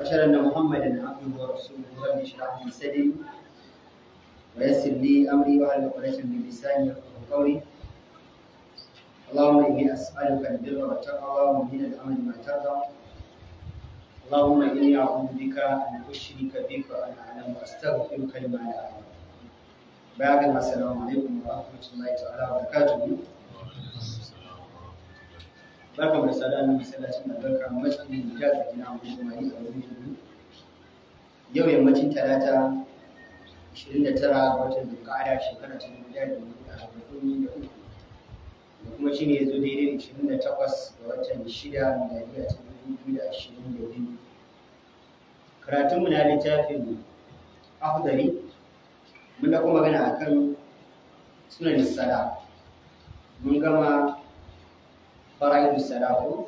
وأشهد أن محمدا عبده ورسوله رب اشرح لي صدري ويسر لي أمري وعلى عقدة من لساني يفقهوا قولي اللهم إني أسألك البر والتقوى ومن الأمل ما ترضى اللهم إني أعوذ بك أن أشرك بك وأنا أعلم وأستغفرك لما لا أعلم بعد السلام عليكم ورحمة الله تعالى وبركاته barka mu da sada nan masallacin albarka masjidin da ta gina mu kuma yi a wurin yau yammacin talata 29 ga watan Zulqa'ada shekara ta 2023 da kuma shine yazo daidai da 28 ga watan 6 miladiya ta 2022 karatunmu na littafin akhdari mun da kuma magana akan sunan Sada. mun gama fara'idu salatu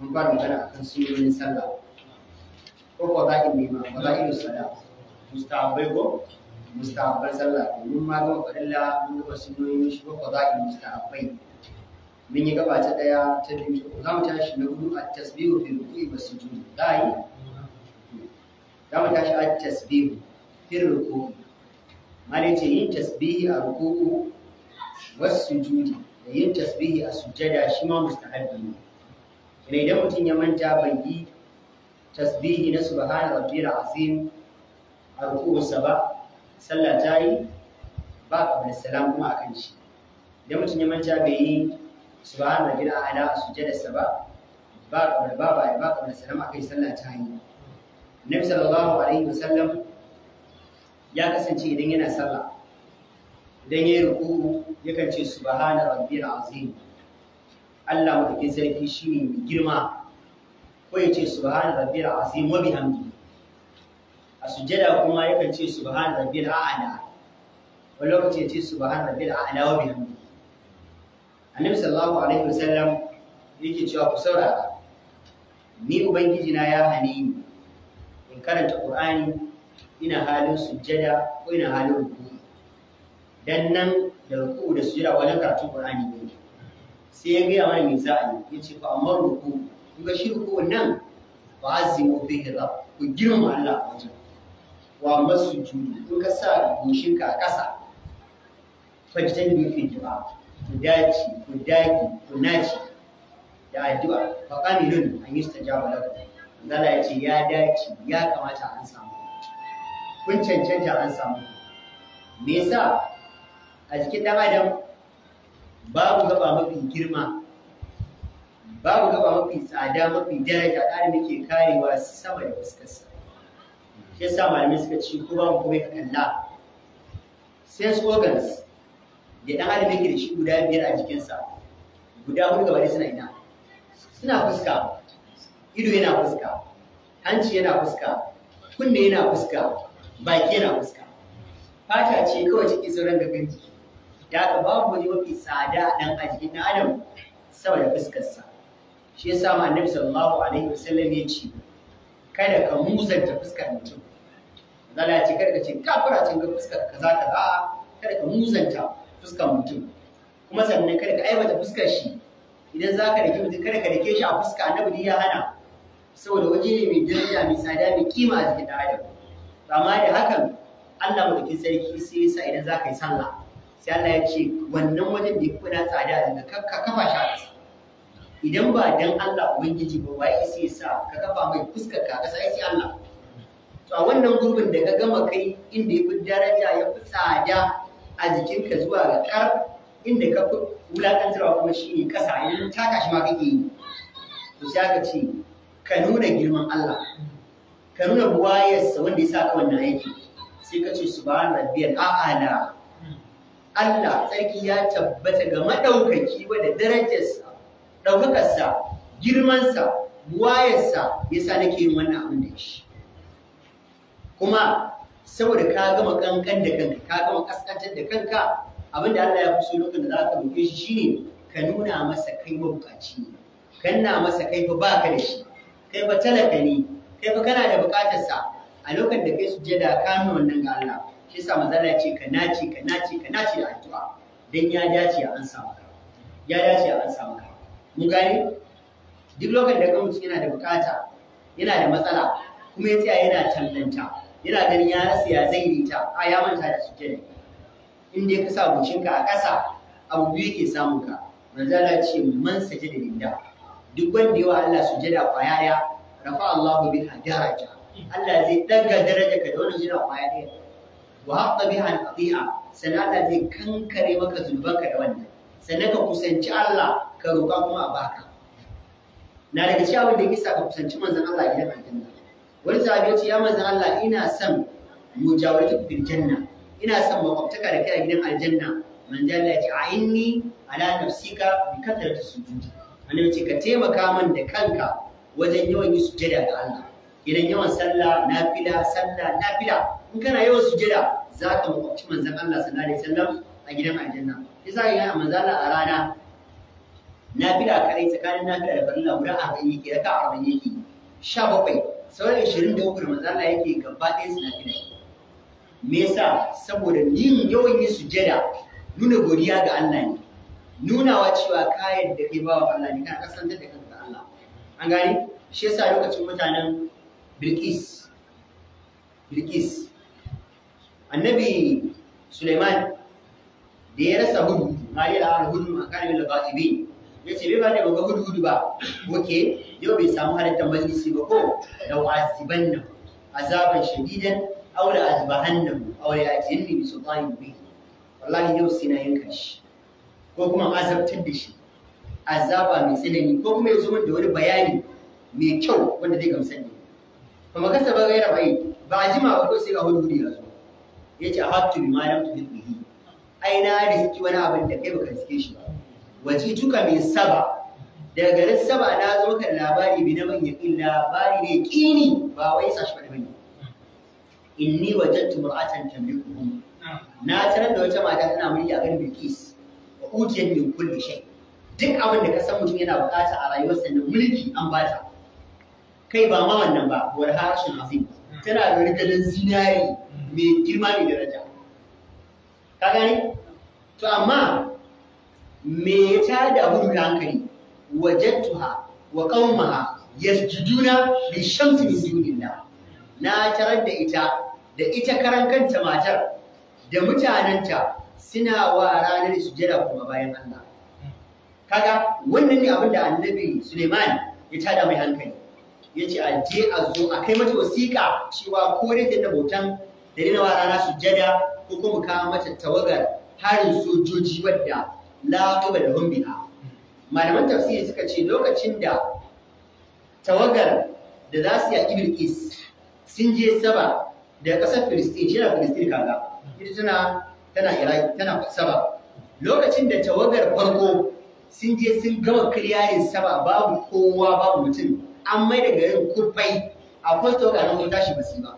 mun fara magana akan sunonin sallah ko fara'idu ne ma fara'idu salatu mustahabbai ko mustahabban sallah mun ma gama farilla mun gama sunonin shi ko za fara'idu mustahabbai mun yi gaba ta daya ta biyu za mu tashi na hudu a tasbihu fi ruku'i wa sujudi za yi za mu tashi a tasbihu fi ruku'i mare ce yin tasbihi a ruku'u wasu sujudi da yin tasbihi a sujjada shi ma mustahabbi ne kina idan mutum ya manta ban yi tasbihi na subhana rabbiyal azim a ruku'unsa saba, sallah ta yi ba qabla salam kuma akan shi idan mutum ya manta bai yi subhana rabbiyal a'la a sujjada saba, ba qabla ba ba ba qabla salam akan sallah ta yi Annabi sallallahu alaihi wasallam ya kasance idan yana sallah idan yayi ruku yakan ce subhana rabbil azim Allah madaukin sarki shine mai girma ko ya ce subhana rabbil azim wa bihamdi a sujjada kuma yakan ce subhana rabbil a'la wani lokaci ya ce subhana rabbil a'la wa bihamdi annabi sallallahu alaihi wasallam yake cewa ku saurara ni ubangiji na ya hane ni in karanta qur'ani ina halin sujjada ko ina halin dan nan da ruku da sujada wajen karatun Qur'ani ne sai ya gaya mana me za a yi yace fa amma ruku in ga shi ruku nan fa azimu bihi rabb ku girma Allah wajen wa masujudi in ka sa goshin ka a ƙasa fajitan bi fi jiba ku dace ku daki ku naci da addu'a fa qalilun an yi ta yustajaba lakum Allah ya ce ya dace ya kamata an samu kun cancanta an samu me yasa a jikin ɗan adam babu gaba mafi girma babu gaba mafi tsada mafi daraja ɗan muke karewa sama da fuskarsa shi yasa malamai suka ci ko babu kuma ka kalla sense organs da ɗan adam yake da shi guda biyar a jikinsa guda hudu gaba ɗaya suna ina suna fuska ido yana fuska hanci yana fuska kunne yana fuska baki yana fuska fata ce kawai ciki sauran gaban jiki da ba babu wani mafi tsada dan aji na adam sama da fuskarsa shi yasa ma annabi sallallahu alaihi wasallam ya ce kada ka musanta fuskar mutum zala ya ce kada ka ce fara cin ka fuskar ka kaza kada ka musanta fuskar mutum kuma sannan kada ka aibata fuskar shi idan za ka rike mutum kada ka rike shi a fuska annabi ya hana saboda waje ne mai daraja mai tsada mai kima a jikin ɗan adam amma da hakan Allah madaukin sarki sai sa idan za ka yi sallah sai Allah ya ce wannan wajen da kuna tsada da ka kafa shi idan ba dan Allah ubangiji ba wai sai sa ka kafa mai fuskar ka ƙasa sai Allah to a wannan gurbin da ka gama kai inda ya fi daraja ya fi tsada a jikinka zuwa ga kar inda ka fi wulaƙantarwa kuma shi ne ƙasa idan taka shi ma kake yi to sai aka ce ka nuna girman Allah ka nuna buwayarsa wanda ya sa ka wannan aiki sai ka ce subhana rabbiyal a'ala Allah tsarki ya tabbata ga maɗaukaki wanda darajarsa ɗaukakarsa girmansa buwayarsa ya sa nake yin wannan abin da shi kuma saboda ka gama kankan da kanka ka gama kaskantar da kanka abin da Allah ya fi so lokacin da za ka roƙe shi shine ka nuna masa kai mabukaci ne ka nuna masa kai fa baka da shi kai fa talaka ne kai fa kana da bukatarsa a lokacin da kai sujada ka nuna wannan ga Allah shi mazala ce ka nace ka nace ka nace da addu'a dan ya dace an samu ka ya dace an samu ka mun gani duk lokacin da kamar yana da bukata yana da matsala kuma ya tsaya yana tallanta yana ganin ya rasa ya zai yi ta a ya manta da suke ne in dai ka sa bucinka a ƙasa abu biyu yake samun ka manzala ce man da lillah duk wanda yawa Allah sujada kwaya ya rafa Allahu biha daraja Allah zai daga daraja ka da wannan jira kwaya ɗaya wa haɓɓa an qatia Allah zai kankare maka zunubanka da wannan sannan ka kusanci Allah ka roƙa kuma a baka na daga cewa wanda yake sa ka kusanci manzon Allah gidan aljanna wani sahabi ya ce ya manzon Allah ina son mujawiratu fil janna ina son makwabtaka da kai a gidan aljanna manzon Allah ya ce a inni ala nafsika bi kathrati sujudi annabi ce ka taimaka man da kanka wajen yawan yi sujada ga Allah idan yawan sallah nafila sallah nafila in kana yawan sujada za ka makwabci manzon Allah sallallahu alaihi wasallam a gidan aljanna yasa ga manzala a rana nafila kare tsakanin nafila da farilla guda arba'in yake raka arba'in yake sha bakwai sauran ashirin da uku da manzala yake gaba ɗaya su nafila me yasa saboda yin yawan yin sujada nuna godiya ga Allah ne nunawa cewa kayan da ke bawa Allah ne kana kasantar da kanka Allah an gani shi yasa lokacin mutanen bilkis bilkis annabi suleiman da ya rasa hudu na ya hudu a kan bil ghaibi ya ce bai ba ne ga hudu hudu ba oke yau bai samu halittar majalisi ba ko da wasiban nan azaban shadidan aure azbahannan aure jinni bi sultanin bi wallahi yau sai na yanka ko kuma azabtar da shi azaba mai tsanani ko kuma ya zo da wani bayani mai kyau wanda zai gamsar da kuma kasa ba gaira bai ba a jima ba ko sai ga hudu hudu yazo ya ce a haftu bi ma lam tuhit bihi ai na da riski wani abin da kai baka sike shi ba waje tuka mai saba daga garin saba na zo kan labari bi na manyan labari ne kini ba wai sashi ba ne inni wajadtu mar'atan tamlikuhum na tarar da wata mata tana mulki a garin Bilkis wa utiyat min kulli shay duk abin da ka san mutum yana bukata a rayuwarsa na mulki an bata kai ba ma wannan ba wani harshen azim tana da wani rikalin zinari mai girma mai daraja ka gani to amma me ta da hudu da hankali wajadtuha wa qaumaha yasjuduna shamsu shamsi min da, na tarar da ita da ita karan kanta matar da mutanenta suna wa ranar sujada kuma bayan Allah kaga wannan ne abin da annabi Suleiman ya tada mai hankali ya ce a je a zo a kai mata wasiƙa cewa ko dai ta bautan da daina wa rana su jada ko kuma kawo mata tawagar harin sojoji wadda la da humbiha malaman tafsiri suka ce lokacin da tawagar da za su yaƙi bilkis sun je saba da ƙasar filistin shi na filistin kaga ita tana tana iraki tana saba lokacin da tawagar farko sun je sun gama kiryayin saba babu kowa babu mutum an mai da garin kurfai a kwasto ga nan tashi basi ba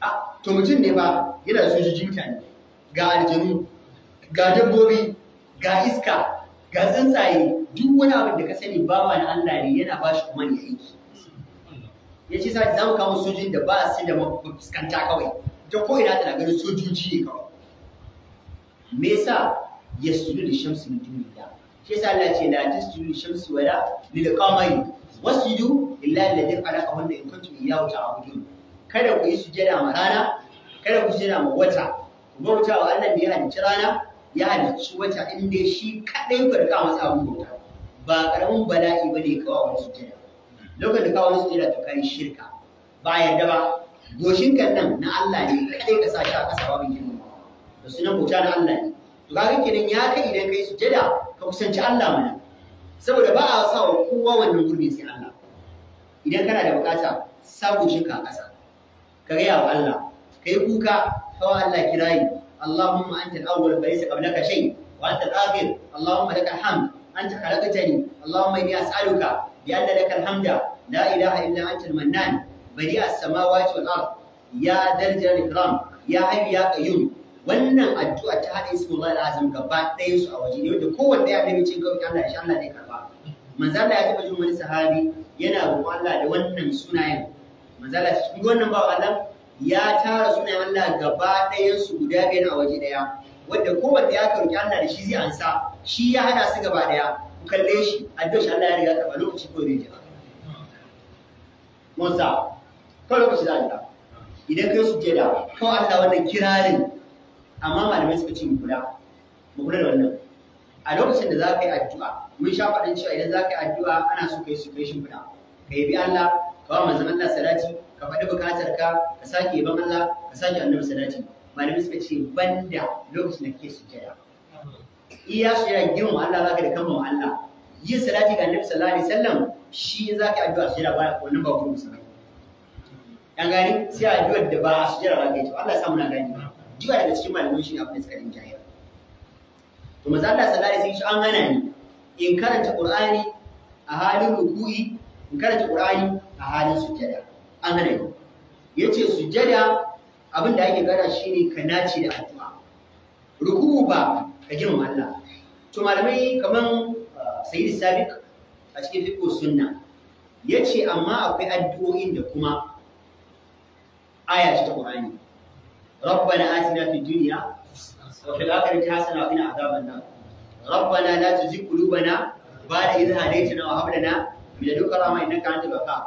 ah, to mutum ne ba yana su jijin mutane ga aljanu ga dabbobi ga iska ga tsuntsaye duk wani abin da ka sani ba ma na Allah ne yana ba shi kuma ne aiki ya ce sa za mu kawo sojin da ba su da fuskanta kawai ta ko ina tana ganin sojoji ne kawai me yasa ya sulu da shamsu min duniya shi yasa Allah ce la tasjudu shamsi wa la lil qamari wasjudu lillahi alladhi khalaqa hunna in kuntum iyyahu ta'budun kada ku yi sujada ma rana kada ku sujada ma wata ku bauta wa Allah da ya halicci rana ya halicci wata in dai shi kadai ku rika masa bauta ba karamin bala'i ba kawo wani sujada lokacin da kawo wani sujada to kai shirka ba yarda ba goshin kan nan na Allah ne kadai ka sa shi a kasa babin girma da sunan bauta na Allah ne ba kenan ya kai idan kai sujada ka kusanci Allah mana saboda ba a sa wa kowa wannan gurbin sai Allah idan kana da bukata sa gujinka a ƙasa ka gaya wa Allah kai kuka kawai Allah kirayi Allahumma anta al-awwal fa laysa qablaka shay wa anta al-akhir Allahumma laka hamd anta khalaqtani Allahumma inni as'aluka bi anna laka al-hamda la ilaha illa anta al-mannan badi as-samawati wal-ard ya dal jalal ikram ya hayy ya qayyum wannan addu'a ta haɗe su mai azam gaba ɗaya su a waje ne wanda kowanne ya nemi cin kawai Allah shi Allah ne karba manzo Allah ya taɓa jin wani sahabi yana roƙon Allah da wannan sunayen manzo Allah shi wannan ba Allah ya tara sunayen Allah gaba ɗayan su guda biyar a waje ɗaya wanda kowanne ya karɓi Allah da shi zai ansa shi ya hada su gaba ɗaya ku kalle shi addu'a shi Allah ya riga karɓa lokaci ko zai jira Musa kawai lokaci da Allah idan kai su da ko Allah wannan kirarin amma malamai suka ce mu kula mu kula da wannan a lokacin da za ka yi addu'a mun sha faɗin cewa idan za ka yi addu'a ana so kai su kai shimfiɗa ka yi bi Allah ka ba manzon Allah salati ka faɗi buƙatar ka ka sake yaban Allah ka sake annabi sadaci malamai suka ce banda lokacin da kake sujjada iya sujjada girma Allah za ka da wa Allah yin salati ga annabi sallallahu alaihi wasallam shi za ka yi addu'a sujjada ba wannan ba ku musulmi dan gani sai addu'ar da ba a sujjada ba kai to Allah ya samu na gani jiwa daga cikin malamin shi abin da suka rinjaye to maza Allah sallallahu alaihi wasallam an hana ni in karanta Qur'ani a halin ruku'i in karanta Qur'ani a halin sujjada an hana ni yace sujjada abin da ake shi shine ka nace da addu'a ruku'u ba ka gina Allah to malamai kaman ah, sayyid sabiq a cikin fiqh sunna yace amma akwai addu'o'in da kuma aya ta Qur'ani ربنا آتنا في الدنيا وفي الآخرة حسنة وقنا عذاب النار ربنا لا تزغ قلوبنا بعد إذ هديتنا وهب لنا من لدنك رحمة إنك أنت الوهاب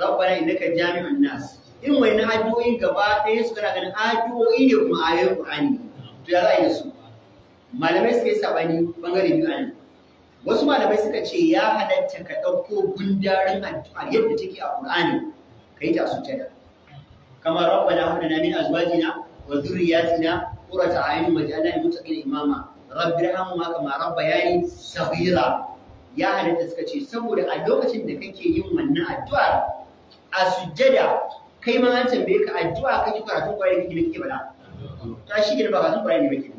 ربنا إنك جامع الناس إن وإن أدعوين gaba ɗaya su kana ganin addu'o'i ne kuma ayoyin Qur'ani to ya za a yi su malamai suka yi sabani wasu malamai suka ce ya halatta ka ɗauko gundarin addu'a yadda take a Qur'ani ka yi ta su tada kamar rabbana hab lana min azwajina وذرياتنا قرة أعين واجعلنا للمتقين إماما رب ارحمهما كما ربياني صغيرا ya halitta suka ce saboda a lokacin da kake yin wannan addu'ar a sujjada kai ma an tambaye ka addu'a kake karatun kwarai kake ne kake bada ta shi ne ba karatun kwarai ne kake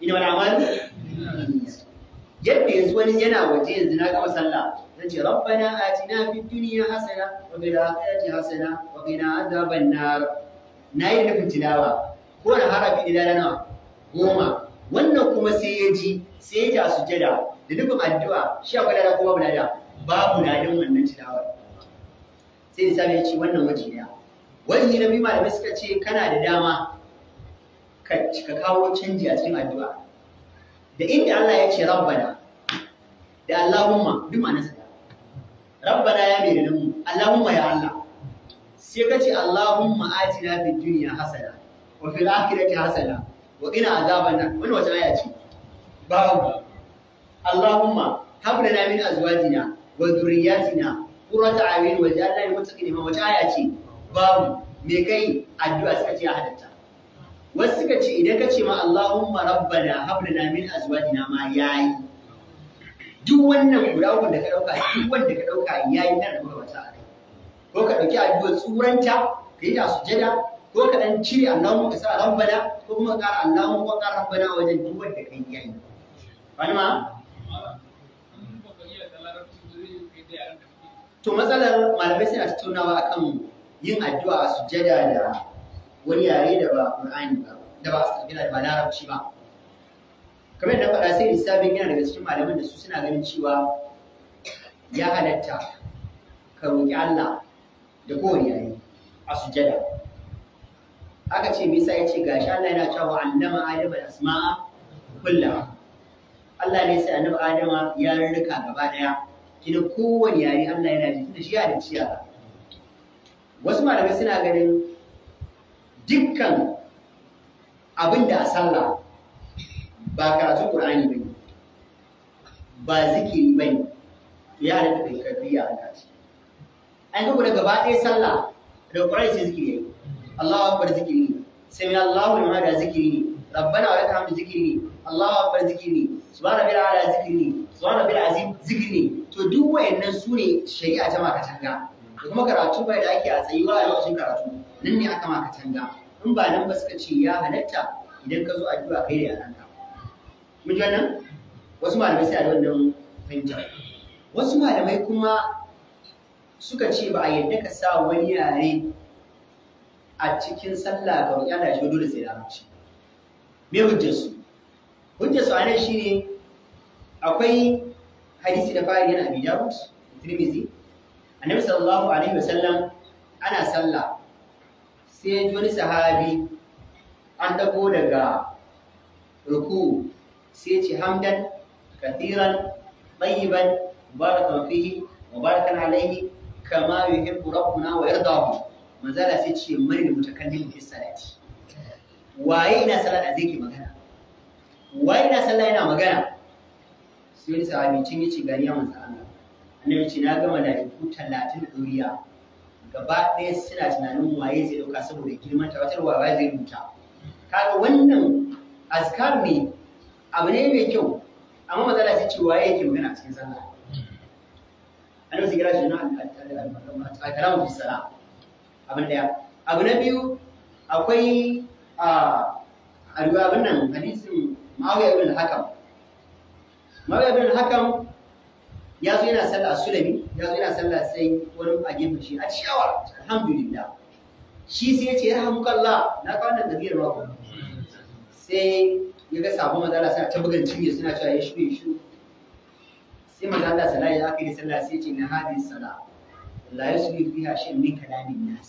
ina wani amal yadda yanzu wani yana waje yanzu na kama sallah zan ce "Rabba na rabbana atina fid dunya hasana wa fil akhirati hasana wa qina adhaban nar na yi nufin tilawa ko da harafi idan na goma wannan kuma sai ya ji sai ya ji a sujjada da nufin addu'a shi a lada kuma babu lada babu ladan wannan tilawar sai ya sami ci wannan waje ɗaya wani na biyu da suka ce kana da dama ka kawo canji a cikin addu'a da inda Allah ya ce rabbana da Allahumma duk ma'anarsa rabbana ya mai da mu Allahumma ya Allah sai ka ce Allahumma atina fid dunya hasana wa fil ta hasana wa ina azaban nar wannan wata aya ce babu Allahumma hab na min azwajina wa dhurriyyatina qurrata a'yun waj'alna ne, muttaqina imama wata aya ce babu me kai addu'a suka ce a hadatta wasu suka ce idan ka ce ma Allahumma rabbana hab na min azwajina ma yayi duk wannan guda da ka dauka duk wanda ka dauka yayi nan da ko ka ɗauki addu'ar tsuranta ka yi ta sujada ko ka ɗan cire Allahumma ka sa rabbana ko kuma ƙara Allahumma ko ƙara rabbana wajen duk wanda kai yayi wani ma to matsalar malamai suna tattaunawa akan yin addu'a a sujada da wani yare da ba Qur'ani ba da ba su da ba larabci ba kamar da faɗa sai lissafin yana daga cikin malaman da su suna ganin cewa ya halatta ka roƙi Allah da kowane yayi a sujada aka ce misa ya ce gashi Allah yana cewa annama adama asma'a kulla. Allah ne sai annabi adama ya rurruka gaba daya kina kowane yare Allah yana ji da shi da ciya wasu malamai suna ganin dukkan abin da a sallah ba karatu Qur'ani bane ba zikiri bane ya da kai kafiya a kashi an ga guda gaba ɗaya sallah da ƙwarai sai zikiri ne Allahu akbar zikiri ne sami Allahu liman da zikiri ne rabbana wa lakal hamdu zikiri ne Allahu akbar zikiri ne subhana rabbil ala zikiri ne subhana rabbil azim zikiri ne to duk wayannan su ne shari'a ta maka tanga da kuma karatu bai da ake a tsayuwa a lokacin karatu nan ne aka maka tanga in ba nan ba suka ce ya halatta idan ka zo a addu'a kai da yaranka mun ji wasu malamai sai a da wannan fahimta wasu malamai kuma suka ce ba a yadda ka sa wani yare a cikin sallah ga wani yana shi dole sai larabci me hujjar su hujjar su anan ne akwai hadisi da fari yana Abi Dawud Tirmidhi Annabi sallallahu alaihi wasallam ana sallah sai wani sahabi an dago daga ruku sai ce hamdan kathiran tayyiban mubarakan fihi mubarakan alaihi kama yuhibbu rabbuna wa yardahu manzala sai ce mai da mutakallim fi salati waye ina salat zai ke magana waye ina sallah yana magana sai wani sahabi cin yace gari ya manzo Allah annabi ce na gama ga malaiku talatin duriya gaba ɗaya suna tunanin waye zai dauka saboda girman ta wata zai rubuta kaga wannan azkar ne abu ne mai kyau amma manzala sai ce waye yake magana cikin sallah an su gira shi na al-kalam fi salam abin daya abu na biyu akwai a riwaya abin nan hadisin Muawiya ibn al-Hakam Muawiya ibn al-Hakam ya zo yana sallah sulami ya zo yana sallah sai wani a gefen shi a ciyawa alhamdulillah shi sai ya ce ya hamu kalla na kawo wannan nabiyar mako sai ya ga sabon mazala suna ta bugan cinye suna cewa ya shiru ya shiru sai manzo Allah sallallahu alaihi wasallam sallah sai ce na hadis sala la yasbi fiha shay min kalamin nas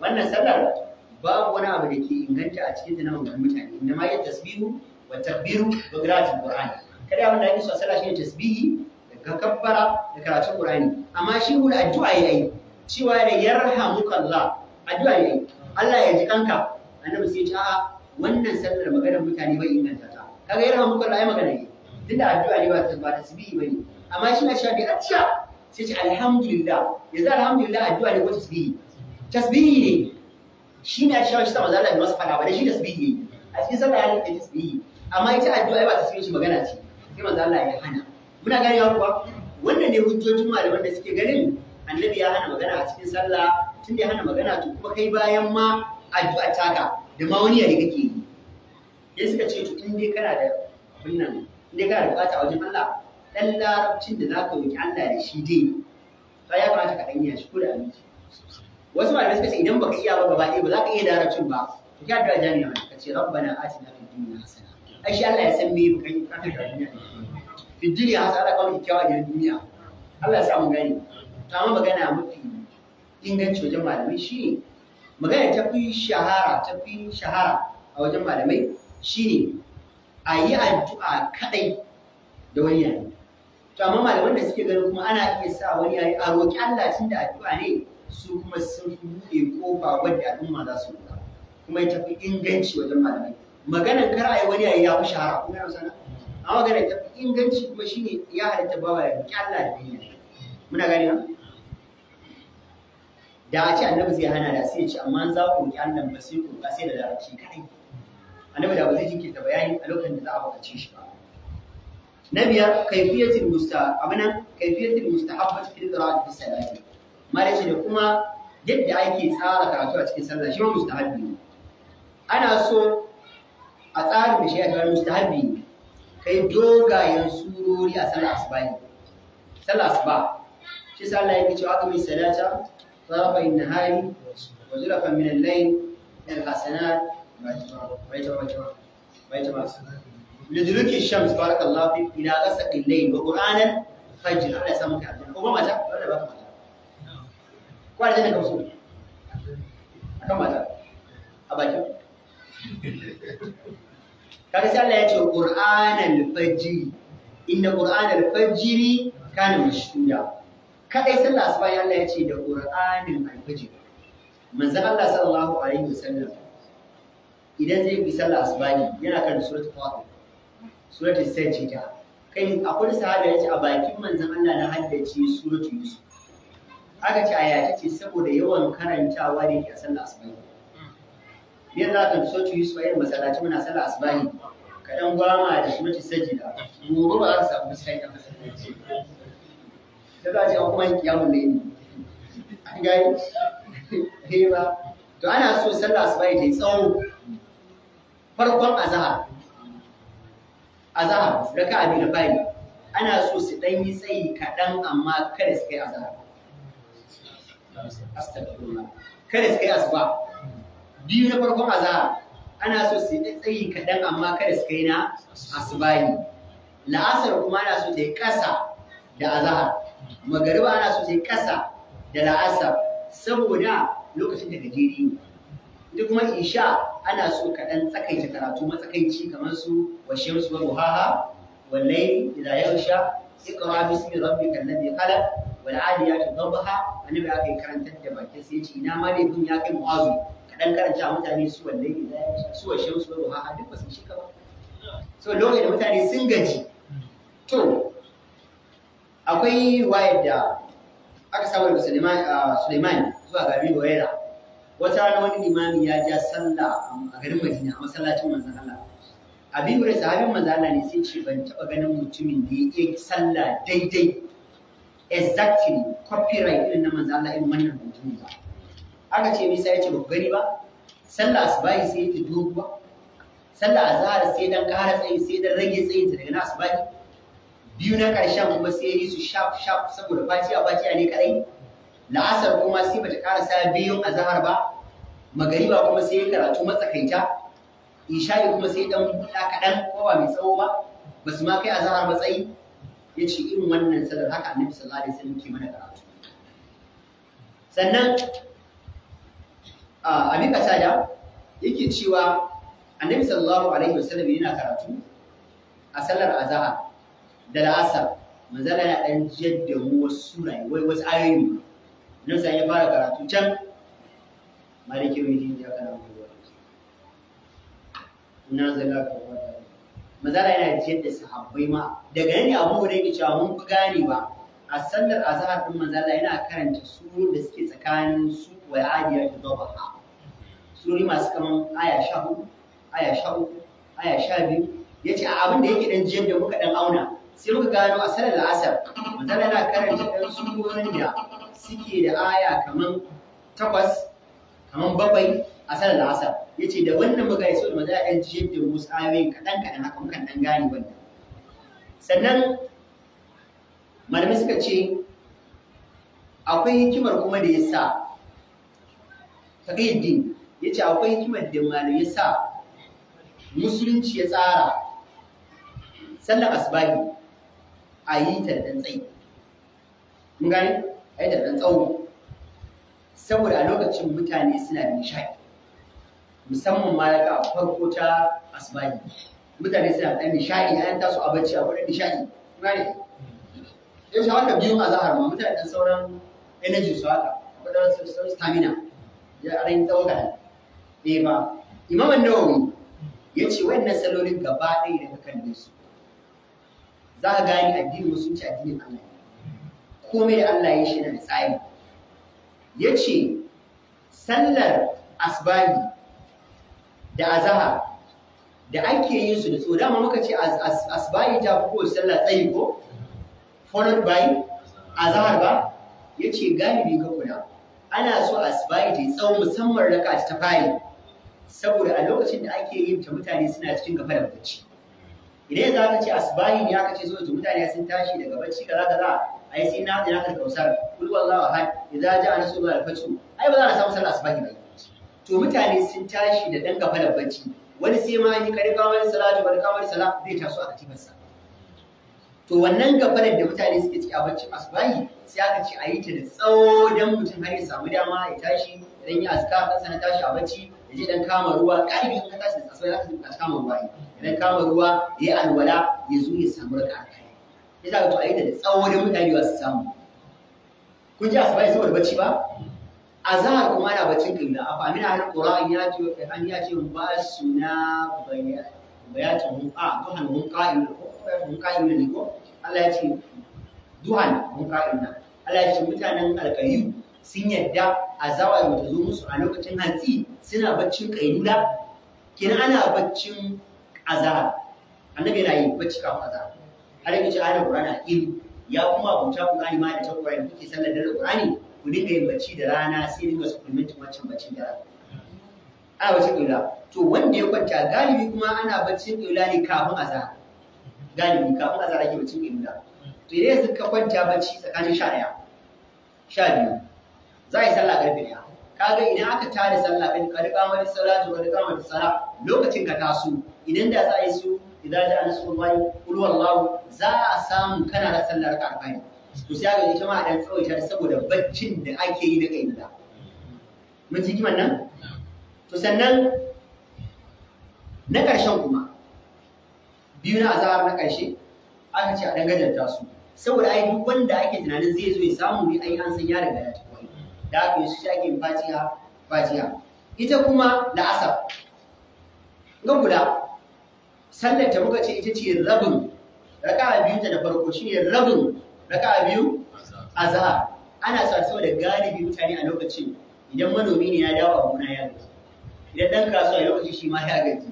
wannan sallar babu wani abu da ke inganta a cikin dinan mutane inna ma ya tasbihu wa takbiru wa qira'atul qur'ani kada wanda yake so sallah shine tasbihi da kabbara da karatun qur'ani amma shi wani addu'a yayi cewa da yarhamukallah addu'a yayi Allah ya ji kanka annabi sai ya ce a'a wannan sallar maganar mutane bai inganta ta kaga yarhamukallah ai magana ne da addu'a ne ba ta tasbihi bane amma shi na shafi a cikin sai ce alhamdulillah yanzu alhamdulillah addu'a ne ko tasbihi tasbihi ne shi na cewa shi ta da Allah bai masa fada ba shi tasbihi ne a cikin sallah ya rike tasbihi amma ita addu'a ba tasbihi shi magana ce sai maza Allah ya hana muna gani ya kuwa wannan ne hujjojin malaman da suke ganin annabi ya hana magana a cikin sallah tun da ya hana magana to kuma kai bayan ma addu'a taka da ma wani yare kake yi Idan suka ce to in dai kana da wannan in dai kana da bukata a wajen Allah dan larabcin da za ka roki Allah da shi dai to ya kamata ka danya shi ko da aminci wasu malamai suka ce idan baka iya ba gaba ɗaya ba za ka iya larabcin ba to ka da jami'a ka ce rabbana atina fid dunya hasana ai shi Allah ya san me baka yi ka da duniya fid dunya hasana ka mu kyawa da duniya Allah ya samu gani to amma magana mafi inganci wajen malamai shi ne magana ta fi shahara ta fi shahara a wajen malamai shine a yi addu'a kadai da wani yare to amma malaman da suke ganin kuma ana iya sa wani yayi a roki Allah tun da addu'a ne su kuma sun buɗe kofa wadda al'umma za su buɗa kuma ya tafi inganci wajen malamai maganar kar a yi wani yayi ya fi shahara kuma ya sana amma maganar tafi inganci kuma shine ya halitta bawa ya roki Allah da muna gani ha da a ce annabi zai hana da sai ya ce amma za ku roki Allah ba sai ku sai da larabci kai annabi da ba zai jinkirta bayani a lokacin da za a buƙace shi ba na biyar kaifiyatul musta abinan kaifiyatul mustahabbat fil qira'ati fi salati mare shi da kuma yadda ake tsara karatu a cikin sallah shi ma ne ana so a tsara da shi a ne kai dogayen surori a sallah asuba sallah asuba shi sallah yake cewa mai salata tarafa innahari wa zulafa min al-layl al-hasanat wa yatawajjahu wa لدلوك الشمس بارك الله فيك إلى غسق الليل وقرآنا فجر على سمك mata. وما متى ولا بقى متى قال لنا كم mata متى أبدا kaga sai Allah ya ce Qur'anal fajr inna Qur'anal fajr kana mashhuda kadai sallah asuba Allah ya ce da Qur'anin alfajr manzon Allah sallallahu alaihi wasallam idan zai yi sallah asuba yana kan suratul fatir suratul sajda kai akwai sahabi da ce a bakin manzon Allah na haddace suratul yusuf aka ce aya ce saboda yawan karantawa da yake a sallar asubahi yanzu aka suratul yusuf ayin masallaci muna sallar asubahi ka dan gwama da suratul sajda gobe ba za su samu sai ka masallaci da za a ce an kuma kiyamun laili an gani eh ba to ana so sallar asubahi ta yi tsawo farkon azhar azhar raka'a biyu da fari ana so su dan yi tsayi kaɗan amma kada su kai azhar astagfirullah kada su kai asuba biyu na farkon azhar ana so su yi tsayi kaɗan amma kada su kai na asuba yi, la'asar kuma ana so ta yi ƙasa da azahar magariba ana so ta yi ƙasa da la'asar saboda lokacin da gajeri ne ita kuma isha ana so ka ɗan tsakaita karatu matsakaici kamar su wa shamsu wa ruhaha wa layli idha yaghsha iqra bismi rabbika alladhi khalaq wal adiyati dhabha annabi yi karantar da bakin sai ce ina ma dai dun ya kai mu'azu ka dan karanta mutane su wa layli idha yaghsha su wa shamsu wa ruhaha duk ba sun shi ba so lokacin da mutane sun gaji to akwai wayar da aka samu da ah, Suleiman zuwa ga Abi Hurairah wata rana wani limami ya ja sallah a garin Madina a masallacin manzon Allah abin da sahabin manzon Allah ne sai ce ban taba ganin mutumin da ya iya sallah daidai exactly copyright din na manzon Allah irin wannan mutumin ba aka ce Musa ya ce ba gani ba sallah asbahi sai ta doguwa sallah azhar sai dan ƙara tsayi sai dan rage tsayi daga na asbahi biyu na karshen kuma sai yi su sharp sharp saboda baciya baciya ne kadai la'asar kuma sai bata kara sa biyun azhar ba magariba kuma sai ya karatu matsakaita isha'i kuma sai dan buɗa kaɗan ko ba mai tsawo ba ba su ma kai azahar matsayi ya ce irin wannan sadar haka annabi sallallahu alaihi wasallam ke mana karatu sannan a abin kasada yake cewa annabi sallallahu alaihi wasallam yana karatu a sallar azahar da la'asar manzala ya dan jaddamu wasu wai wasu ayoyi nan sai ya fara karatu can maliki mai jini ya kana mai wani Ina zaga ka wata mazala yana jiyar da sahabbai ma daga nan abu da yake cewa mun fi gane ba a sallar azhar din mazala yana karanta suru da suke tsakanin su wa ajiyar da ha suri masu kaman aya sha hudu aya sha uku aya sha biyu ya ce abin da yake dan jiyar da muka dan auna sai muka gano a sallar la'asar Mazala yana karanta ɗan surorin da suke da aya kaman takwas kamar bakwai a sanar da asar ya ce da wannan muka yi sulma maza a ɗan jiyar da musu ayoyin kaɗan kaɗan haka mukan ɗan gane wannan sannan malamai suka ce akwai hikimar kuma da ya sa ta din ya ce akwai hikimar da malamai ya sa musulunci ya tsara sallar asbahi a yi ta da ɗan mun gane a yi ta saboda a lokacin mutane suna nishaɗi musamman ma daga farko ta asibani mutane suna ɗan nishaɗi an taso a bacci a wurin nishaɗi Kuma ne yau shi haka biyun zahar ma mutane ɗan sauran energy su haka wadda sauran stamina ya ran tsawon kaɗan ne eh ba imaman ne? ya ce wayannan salolin gaba ɗaya daga kalle su za ka gane addinin ci addinin Allah komai da Allah ya shi na da tsari ya ce sallar asbani da azaha da ake yin su da so dama muka ce asbani ta fi kowace sallah tsayi ko followed by azahar ba ya ce galibi ka kula ana so asbani ta yi tsawon musamman raka ta fari saboda a lokacin da ake yin ta mutane suna cikin gaba da bacci idan za ka ce asbahi ne aka ce so da mutane sun tashi daga bacci kaza kaza ai sai na ina kan kausar kul wallahu ahad idza ja'a nasrul fatu ai ba za a samu sallah asubahi ba to mutane sun tashi da danga gafa bacci wani sai ma yi kare kawo wani salatu wani kamar Salatu zai taso a sa to wannan gafarar da mutane suke ci a bacci asubahi sai aka ce a yi ta da tsawo dan mutum har ya samu dama ya tashi dan ya aska kan na tashi a bacci ya je dan kama ruwa ƙarfi ka tashi da asubahi aka kama ruwa dan kama ruwa ya yi alwala ya zo ya samu raka'a ya za ku a da tsawo da mutane ba su samu kun ji asibai saboda bacci ba a zahar kuma ana baccin killa a famina har ƙura'an ya ce an ya ce ba su na bayan hun a duhan hun ka'in hun ka'in ne ko Allah ya ce duhan hun ka'in na Allah ya ce mutanen alƙayu sun yadda a zawar mutu zo musu a lokacin hantsi suna baccin ƙailula kenan ana baccin azahar annabi yana yi bacci kafin azahar har yake ce ayatul qur'ani aqilu ya kuma abuta qur'ani ma da ta qur'ani kuke sallar da qur'ani ku dinga yin bacci da rana sai dinga supplement wancan bacci da rana a wace ƙila to wanda ya kwanta galibi kuma ana baccin ƙila ne kafin azhar galibi kafin azhar ake baccin ƙila to idan yanzu ka kwanta bacci tsakanin sha ɗaya biyu za a yi sallah ƙarfe ɗaya kaga idan aka tare sallah ɗin ka riƙa mata salatu ka riƙa mata sala lokacin ka taso idan da za a yi su idan da anasu wallahi kul wallahu za a samu kana da sallar ka arba'in to sai ga ita ma a dan tsawaita saboda baccin da ake yi da kai da mun ji kiman nan to sannan na ƙarshen kuma biyu na azahar na ƙarshe aka ce a dangajanta su saboda ai duk wanda ake tunanin zai zo ya samu ne ai an san ya riga ya tafi da aka yi su ake yin fajiya fajiya ita kuma da asar ga guda sallar ta muka ce ita ce rabin raka'a biyu ta da farko shine rabin raka'a biyu azhar ana sa da galibi mutane a lokacin idan manomi ne ya dawo a gona ya gaji idan dan kasuwa ya lokaci shi ma ya gaji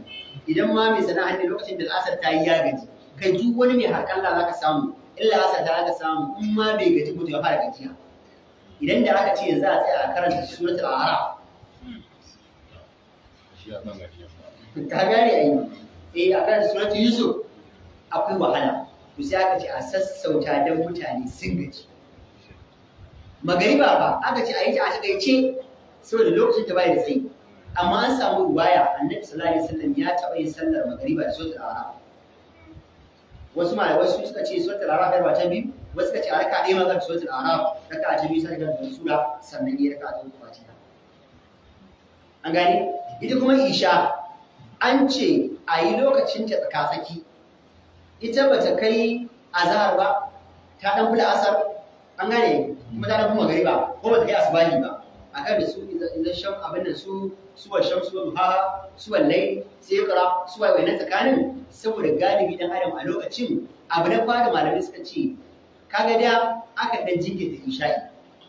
idan ma mai sana'a ne lokacin da asar ta yi ya gaji kai duk wani mai harkalla za ka samu illa asar ta za samu in ma bai gaji mutu ya fara gajiya idan da aka ce yanzu a tsaya a karanta suratul a'raf ka gane ai eh a kan suratu yusuf akwai wahala to sai aka ce a sassauta dan mutane sun gaji magari ba aka ce a yi ta a takaice saboda lokacin ta bai da tsayi amma an samu ruwaya annabi sallallahu alaihi wasallam ya taɓa yin sallar ba da suratul araf wasu ma wasu suka ce suratul araf ba ta biyu wasu suka ce a raka ɗaya ma za ka suratul araf raka ta biyu sai ka ga sura sannan ya raka ta fatiha an gane ita kuma isha an ce a yi lokacin ta tsaki. ita ba ta kai zahar ba ta ɗan fi asar an gane kuma ta ɗan kuma gari ba ko ba ta kai asibani ba a kan su idan shan abin da su suwa shan suwa duhaha suwa lai sai kara suwa wani tsakanin saboda galibi dan adam a lokacin abu na fara malamai suka ce kaga da aka ɗan jinkirta isha'i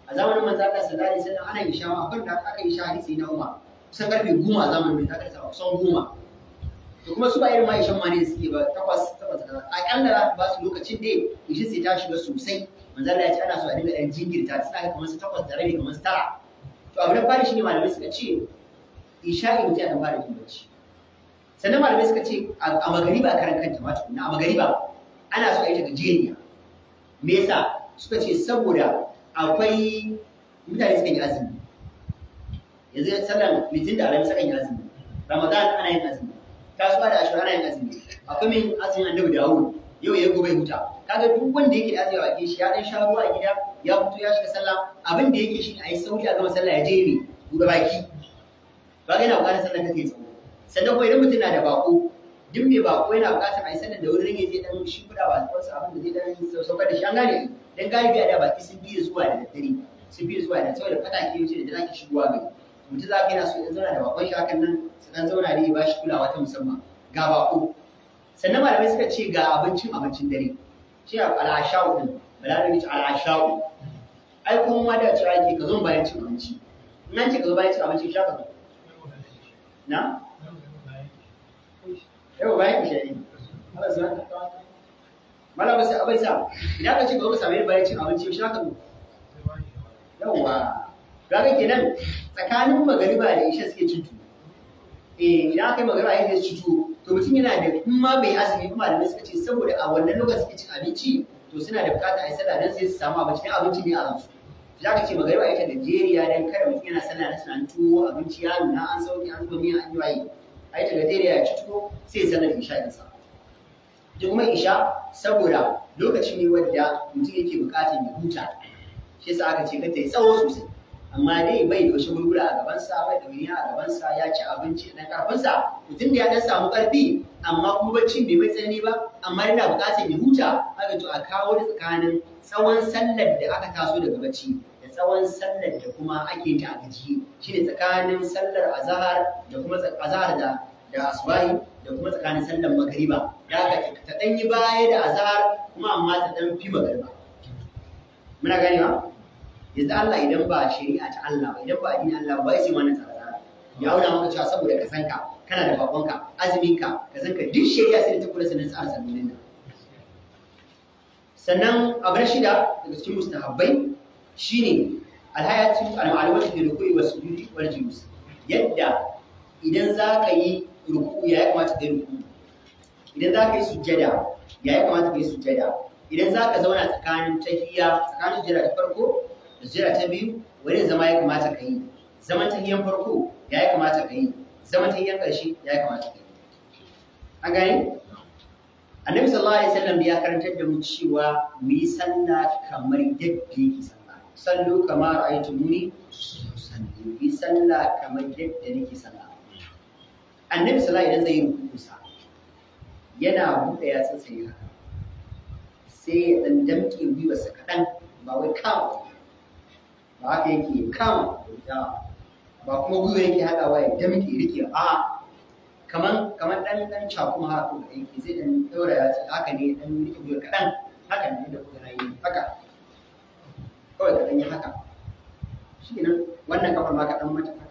a zamanin manzo Allah sallallahu alaihi wasallam ana isha ma akwai da aka isha sai na Umar kusan karfe goma zamanin da aka sa kusan goma to kuma su ba irin ma'aishan ma ne suke ba takwas takwas kaza akalla ba su lokacin dai ishin sai ta shiga sosai manzo Allah ya ce ana so a dinga dan jingirta suna ga kamar su takwas da rabi kamar su tara to abu na fari shine malamai suka ce isha'i mutum ya dan fara jin bacci sannan malamai suka ce a magariba karan kanta ma na a magariba ana so a yi ta gajeriya me yasa suka ce saboda akwai mutane suka yi azumi yanzu sallan litin da alamu suka yi azumi ramadan ana yin azumi kasuwa da ashura ana yin azumi akwai min azumin annabi dawud yau ya gobe huta kaga duk wanda yake da azumi a bakin shi ya dan sha ruwa a gida ya fito ya shiga sallah abin da yake shi a ayi sauri a gama sallah ya je ne buɗe baki ba ga yana buƙatar sallah ta tsaye sannan ko idan mutum na da bako duk mai bako yana buƙatar a yi sallah da wurin ya je dan shi kuɗa ba wasu abin da zai dan saukar da shi an gane dan galibi a da baki sun biye zuwa da daddare sun biye zuwa da saboda fatake yau ce da zaki shigowa gari mutum za ka yi nasu ya zauna da bakon shi hakan nan su kan zauna ne ya ba shi kulawa ta musamman ga bako sannan malamai suka ce ga abincin abincin dare shi a al'asha'u din balarabi ce al'ashawu. ai kuma ma da cewa ke ka zo bayan cin abinci an ce ka zo bayan cin abinci sha ka zo na yau bayan ki shaɗi malamai sai abai sa idan ka ce ka zo same bayan cin abinci sha ka zo yauwa Gaga kenan tsakanin magariba da isha suke cutu? Eh idan aka yi magariba yake ci cutu to mutum yana da in ma bai asibi kuma da suka ce saboda a wannan lokacin suke cin abinci to suna da bukatar a yi sallah don sai su samu abinci dan abinci ne a ransu. Za ka ce magariba ita da jeriya don kada mutum yana sallah na tunanin tuwo abinci ya nuna an sauke an zuba miya an yi waye. A yi ta jeriya ya ci tuwo sai sallar isha ɗinsa. Ita kuma isha saboda lokaci ne wanda mutum yake bukatar ya huta. Shi yasa aka ce ka ta yi tsawo sosai. amma dai bai da wasu gurgura a gabansa bai da wani a gabansa ya ci abinci na karfinsa mutum da ya dan samu karfi amma kuma bacci bai mai tsanani ba amma yana buƙatar ya huta haka to a kawo da tsakanin tsawon sallar da aka taso daga bacci da tsawon sallar da kuma ake ta a gaji shine tsakanin sallar azahar da kuma azhar da da asbahi da kuma tsakanin sallar magriba da ka ta ɗan yi baya da azahar kuma amma ta dan fi magriba muna ba yanzu Allah idan ba shari'a ta Allah ba idan ba addini Allah ba sai mana tsara ya auna maka cewa saboda ka san ka kana da babanka azumin ka ka san ka duk shari'a sai ta kula sanin tsara sanin nan sannan abin shida daga cikin mustahabbai shine alhayati al-ma'lumatu fi ruku'i wa sujudi wal julus yadda idan za ka yi ruku ya kamata ka yi ruku'u idan za ka yi sujjada ya kamata ka yi sujjada idan za ka zauna tsakanin tahiyya tsakanin sujjada ta farko sujjada ta biyu wani zama ya kamata ka yi zaman tahiyan farko ya yi kamata ka yi zaman tahiyan ƙarshe ya yi kamata ka yi an gane annabi sallallahu alaihi wasallam ya karantar da mu cewa mu yi sallah kamar yadda yake sanna. sallu kamar ra'aytumuni sallu yi sallah kamar yadda nake sanna. annabi sallallahu alaihi wasallam idan zai kusa yana buɗe yatsun sai haka sai ya dan damƙe gwiwarsa kaɗan ba wai kawo ba haka yake kama da ita ba kuma gwiwa yake haɗawa ya damƙe rike a kaman kaman ɗan ɗan cakuma haka kuma aiki sai ɗan ɗaura ya ce haka ne ɗan rike gwiwa kaɗan haka ne da kuka rayu haka kawai ka ɗan yi haka shikenan wannan kafar ma ka ɗan mata haka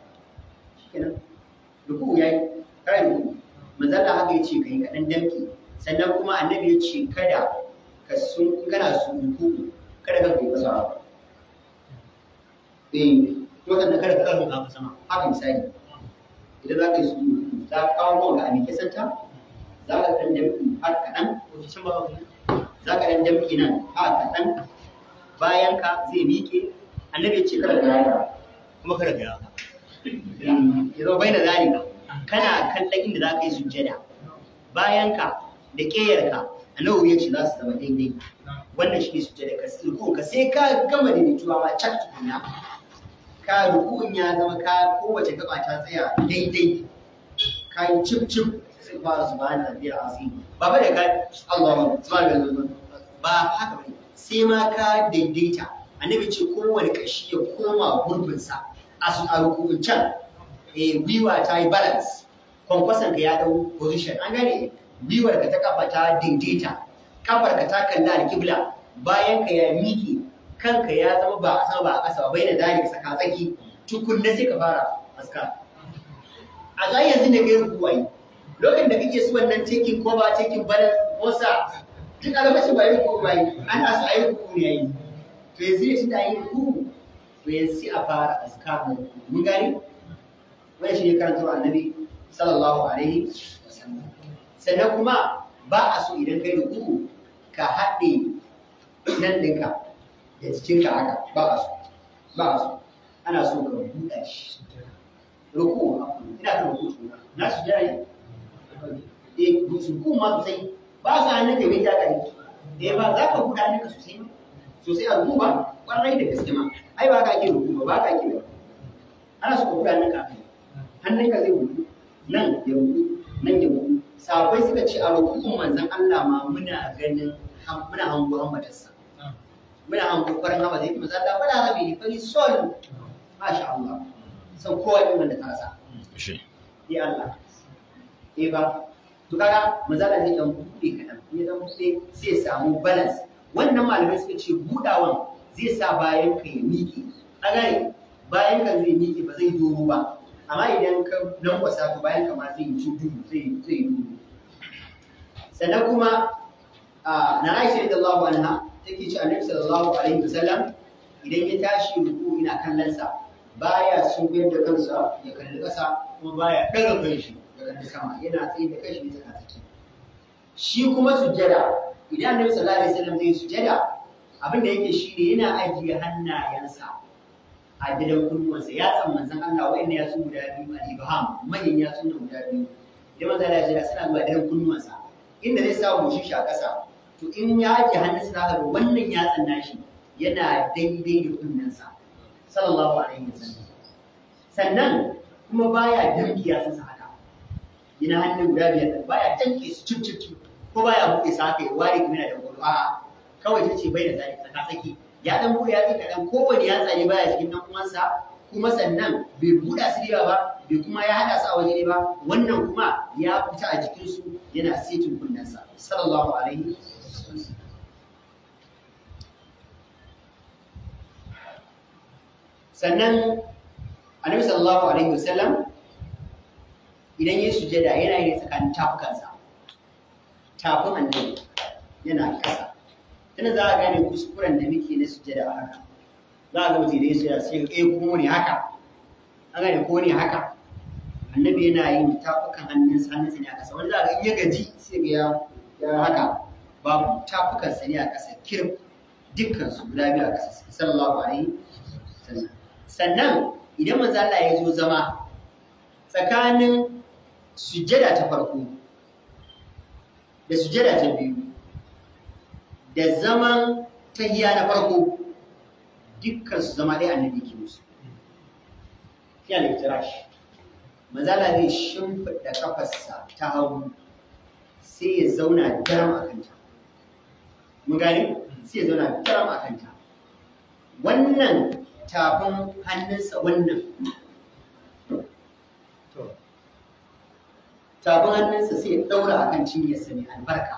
shikenan ruku ya yi kayan ruku manzala haka ya ce ka yi kaɗan damƙe sannan kuma annabi ya ce kada ka sun kana sunuku kada ka kai kasa Eh, waɗanda kada ka ɗaga kafa sama haka misali idan za ka yi su za ka kawo mawa ga amike santa za ka ɗan jam'i har kaɗan za ka ɗan jam'i nan har kaɗan bayan ka zai miƙe annabi ya ce kada ka yaka kuma kada ka yaka ya zama bai da zalika kana kallon inda za ka yi sujjada bayan ka da ƙeyar ka nawa ya ce za su zama daidai wannan shi ne sujjada ka sai ka gama da daidaituwa ma cak tukuna ka rukun ya zama ka kowace gaba ta tsaya daidai ka yi cip cip sai ba su ba na biya azim ba ba da ka Allah subhanahu wa ta'ala ba haka ba sai ma ka daidaita annabi ce kowane kashi ya koma gurbinsa a su a rukun can E, gwiwa ta yi balance kwankwason ka ya dau position an gane gwiwar ka ta kafa ta daidaita kafar ka ta kalla alkibla bayan ka ya miƙe kanka ya zama ba a sama ba a ƙasa ba bai da zalik saka tsaki tukun na sai ka fara aska a ga yanzu da gairu rukuwayi lokacin da kake su wannan cikin ko ba cikin balan wasa duk a lokacin ba yi ko ba yi ana su a yi ne yi to yanzu ne da yi ruku to yanzu a fara aska mun gani wannan shi ne wa annabi sallallahu alaihi wasallam sannan kuma ba a so idan kai ku ka haɗe nan ɗinka da cikin ka haka ba a so ba a so ana so ka buɗa shi ruku ina da ruku tuna na su jari eh su ku ma sai ba sa hannun da wai jaka eh ba za ka buɗa ne ka sosai sosai a ruku ba kwarai da gaske ma ai ba ka ke ruku ba ba ka ke ana so ka buɗa ne ka hannun ka zai buɗu nan ya buɗu nan ya buɗu sabai suka ce a rukun manzan Allah ma muna ganin muna hango ambatarsa muna an kokarin haba zai maza da bala rabi ne fari sol masha Allah san kowa din wanda ta sa shi ya Allah eh ba to kaga maza da ne dan bude kadan ne dan bude sai samu balance wannan malamai suka ce buɗawan zai sa bayan ka yi miƙe a gare bayan ka zai miƙe ba zai doro ba amma idan ka nan kwasa to bayan ka ma zai yi cutu zai yi duhu. sannan kuma ah, na Aisha radiyallahu anha take ce annabi sallallahu alaihi wasallam idan ya tashi ruku ina kallonsa baya sunkuyar da kansa ya kalli ƙasa kuma baya ɗaga kanshi daga kalli sama yana tsaye da kashi ne tsaka tsaki shi kuma sujjada idan annabi sallallahu alaihi wasallam zai sujjada abin da yake ne yana ajiye hannayensa a gidan kunnuwansa ya san manzon Allah wa'annan ya su guda biyu al-ibham manyan ya su guda biyu idan manzon Allah ya suna zuwa gidan kunnuwansa inda zai sa goshi shi a ƙasa to in ya ake hannun za ka ga wannan tsanna shi yana daidai da sa sallallahu alaihi wasallam sannan kuma baya danki ya sa haka Ina hannun guda biyar baya tanke su cin cin cin ko baya buɗe sa haka yi ware kuma yana da gudu kawai ta ce bai da zai ta tsaki ya dan buɗe yatsa kaɗan kowane ya tsare baya cikin kuma uwansa kuma sannan bai buɗa su riba ba bai kuma ya haɗa su a waje ne ba wannan kuma ya fita a jikinsu yana setin kunnensa sallallahu alaihi sannan annabi sallallahu alaihi wasallam idan ya sujada yana yi tsakanin tafukansa tafin annabi yana kasa tana za a gane kuskuren da muke na sujada haka za a ga mutum idan suya sai ya kuma eh, ne haka an gane ko ne haka annabi yana yin tafukan hannunsa hannunsa ne a kasa wani za a in ya gaji sai ga ya haka babu tafukansa ne a kasa kirf dukkan su guda biyu a kasa sallallahu alaihi sannan idan manzo Allah ya zo zama tsakanin sujjada ta farko da sujjada ta biyu da zaman tahiya na farko dukkan su zama dai annabi ke musu ya ne tirash manzo Allah zai shimfida kafarsa ta hagu sai ya zauna daram a kanta mun gane sai ya zauna daram a kanta wannan tafin hannunsa wannan tafin hannunsa sai ya daura a kan cinyarsa mai albarka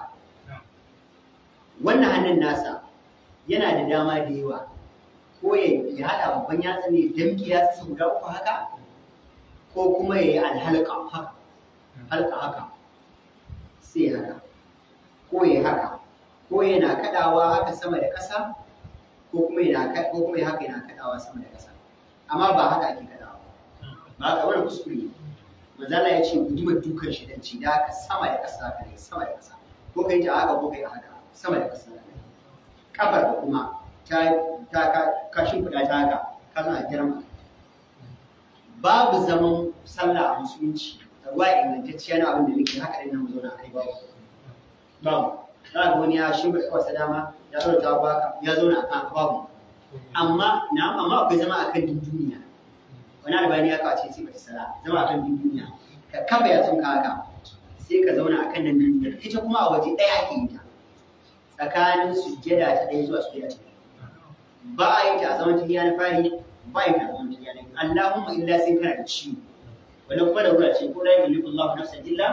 wannan hannun nasa yana da dama da yawa ko ya haɗa babban yatsa ne damki ya su guda uku haka ko kuma ya yi alhalka haka halka haka sai haka ko ya haka ko yana kaɗawa haka sama da ƙasa ko kuma yana ko kuma ya haka yana kaɗawa sama da ƙasa amma ba haka ake kadawa ba ka wani kuskure ne manzala ya ce guji ma dukan shi dan ci da sama da ƙasa ka ne sama da ƙasa ko kai ta haka ko kai haka sama da ƙasa kafar kuma ta ta ka kashin kuɗa ta haka ka san a girma babu zaman sallah a musulunci da ruwa ingantacciya na abin da nake haka ɗin nan mu zauna a kai babu babu za ka wani ya shimfiɗa kawai dama ya zo ta baka ya zo na kan babu amma na amma akwai zama akan din duniya wani albani aka ce sai ba sala zama akan din duniya ka kafa ya sun kaka sai ka zauna a kan nan duniya ita kuma a waje ɗaya ake yi ta tsakanin sujjada ta ɗaya zuwa sujjada ta ba a yi ta a zaman tafiya na fari ba yi ta a zaman tafiya na biyu Allahumma illa sai kana da ciwo wani kuma da wurace ko da yake nufin Allah nafsa illa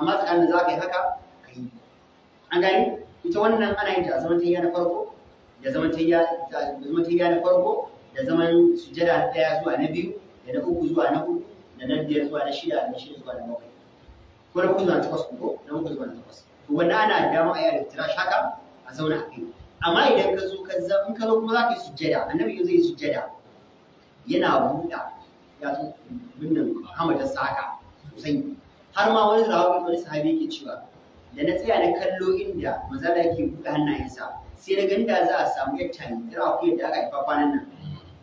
amma tsakanin da za ka yi haka ka yi an gani ita wannan ana yin ta a zaman tayya na farko da zaman tayya da zaman tayya na farko da zaman sujada daya zuwa na biyu da na uku zuwa na uku, da na biyar zuwa na shida da na shida zuwa na bakwai ko na uku zuwa na takwas ko na uku zuwa na takwas to wannan ana dama a yi tirash shaka a zauna a kai amma idan ka zo ka zama in ka zo kuma za ka yi sujjada annabi zai yi sujjada yana buɗa ya zo binnan hamatar saka sosai har ma wani sahabi wani sahabi yake cewa da na tsaya na kallo inda da yake buɗe hannayensa sai na da za a samu yadda ne irin akwai da aka haifa kwanan nan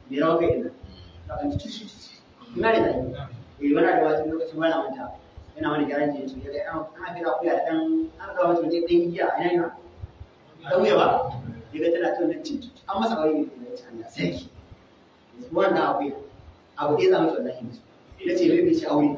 mai rawa kai ina ba kan tushi tushi ina eh, da zai eh mana da wata lokacin wani manta yana wani gyaran jini to daga an haifi akuya da ɗan an ga wata wajen ɗan giya a yana ɗan wuya ba daga tana tun da cin an masa wani ne da ya Allah sarki wannan akuya abu ɗaya za mu tsallahi musu ina ce bai ce aure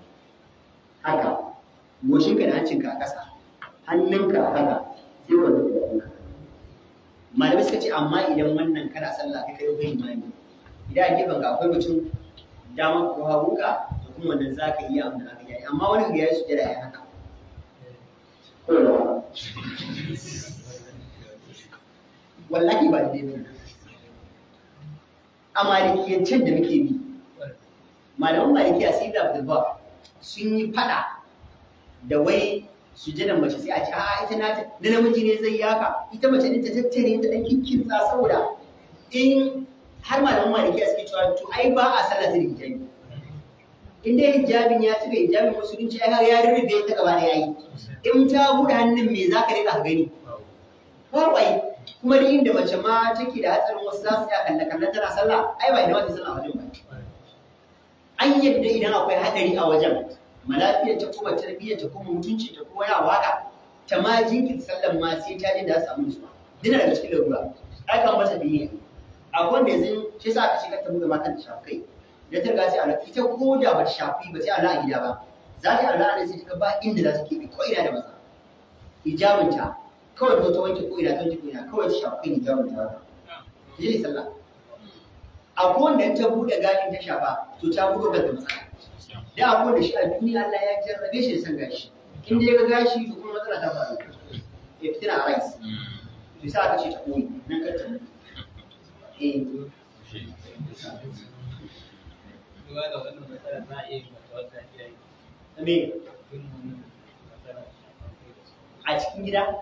haka ka da hancinka a ƙasa hannunka haka sai ka rufe ka. malamai suka ce amma idan wannan kana sallah kai kai bai mai idan a gefen ka akwai mutum dama ko ka da kuma wannan za ka iya abin da aka yi amma wani ya yi sujjada ya haka wallahi ba da ne a malikiyancen da muke bi malaman malikiya sai da ba sun yi fada da wai su sujjadan mace sai a ce a ita na ta na namiji ne zai yaka ita mace ne ta tattare ta dan kinkinsa saboda in har malaman malikiya suke cewa to ai ba a sallah da hijabi in dai hijabin ya cika hijabin musulunci ai har ya rurrube ta gaba da yayi in ta buɗe hannun me za ka rika gani kawai kuma da inda mace ma take da hatsarin wasu za su ya kalla kallon tana sallah ai ba ina wata sallah wajen ba an yadda idan akwai haɗari a wajen malafiyar ta kuma tarbiyyar ta kuma mutunci ta kuma yana waka ta ma jinkin sallan ma sai ta ji da samu su dina da cikin larura akan masa biyayya akwai da yanzu shi sa aka shiga ta buga ma da shafai da ta gasi sai a lafi ita ko da ba ta shafi ba sai a la'a gida ba za ta yi ala'a da sai ta ba inda za su keɓe ko ina da maza hijabinta kawai ta wanke ko ina ta wanke ko ina kawai ta shafi hijabinta haka. sallah. abu wanda ta buɗe gashin ta shafa to ta buɗe da matsala da abu da shi a duniya Allah ya jarrabe shi san gashi in dai ga gashi to kuma matsala ta faru ya fitina a rais to sai aka ce ta koyi nan ka ta eh Me? A cikin gida?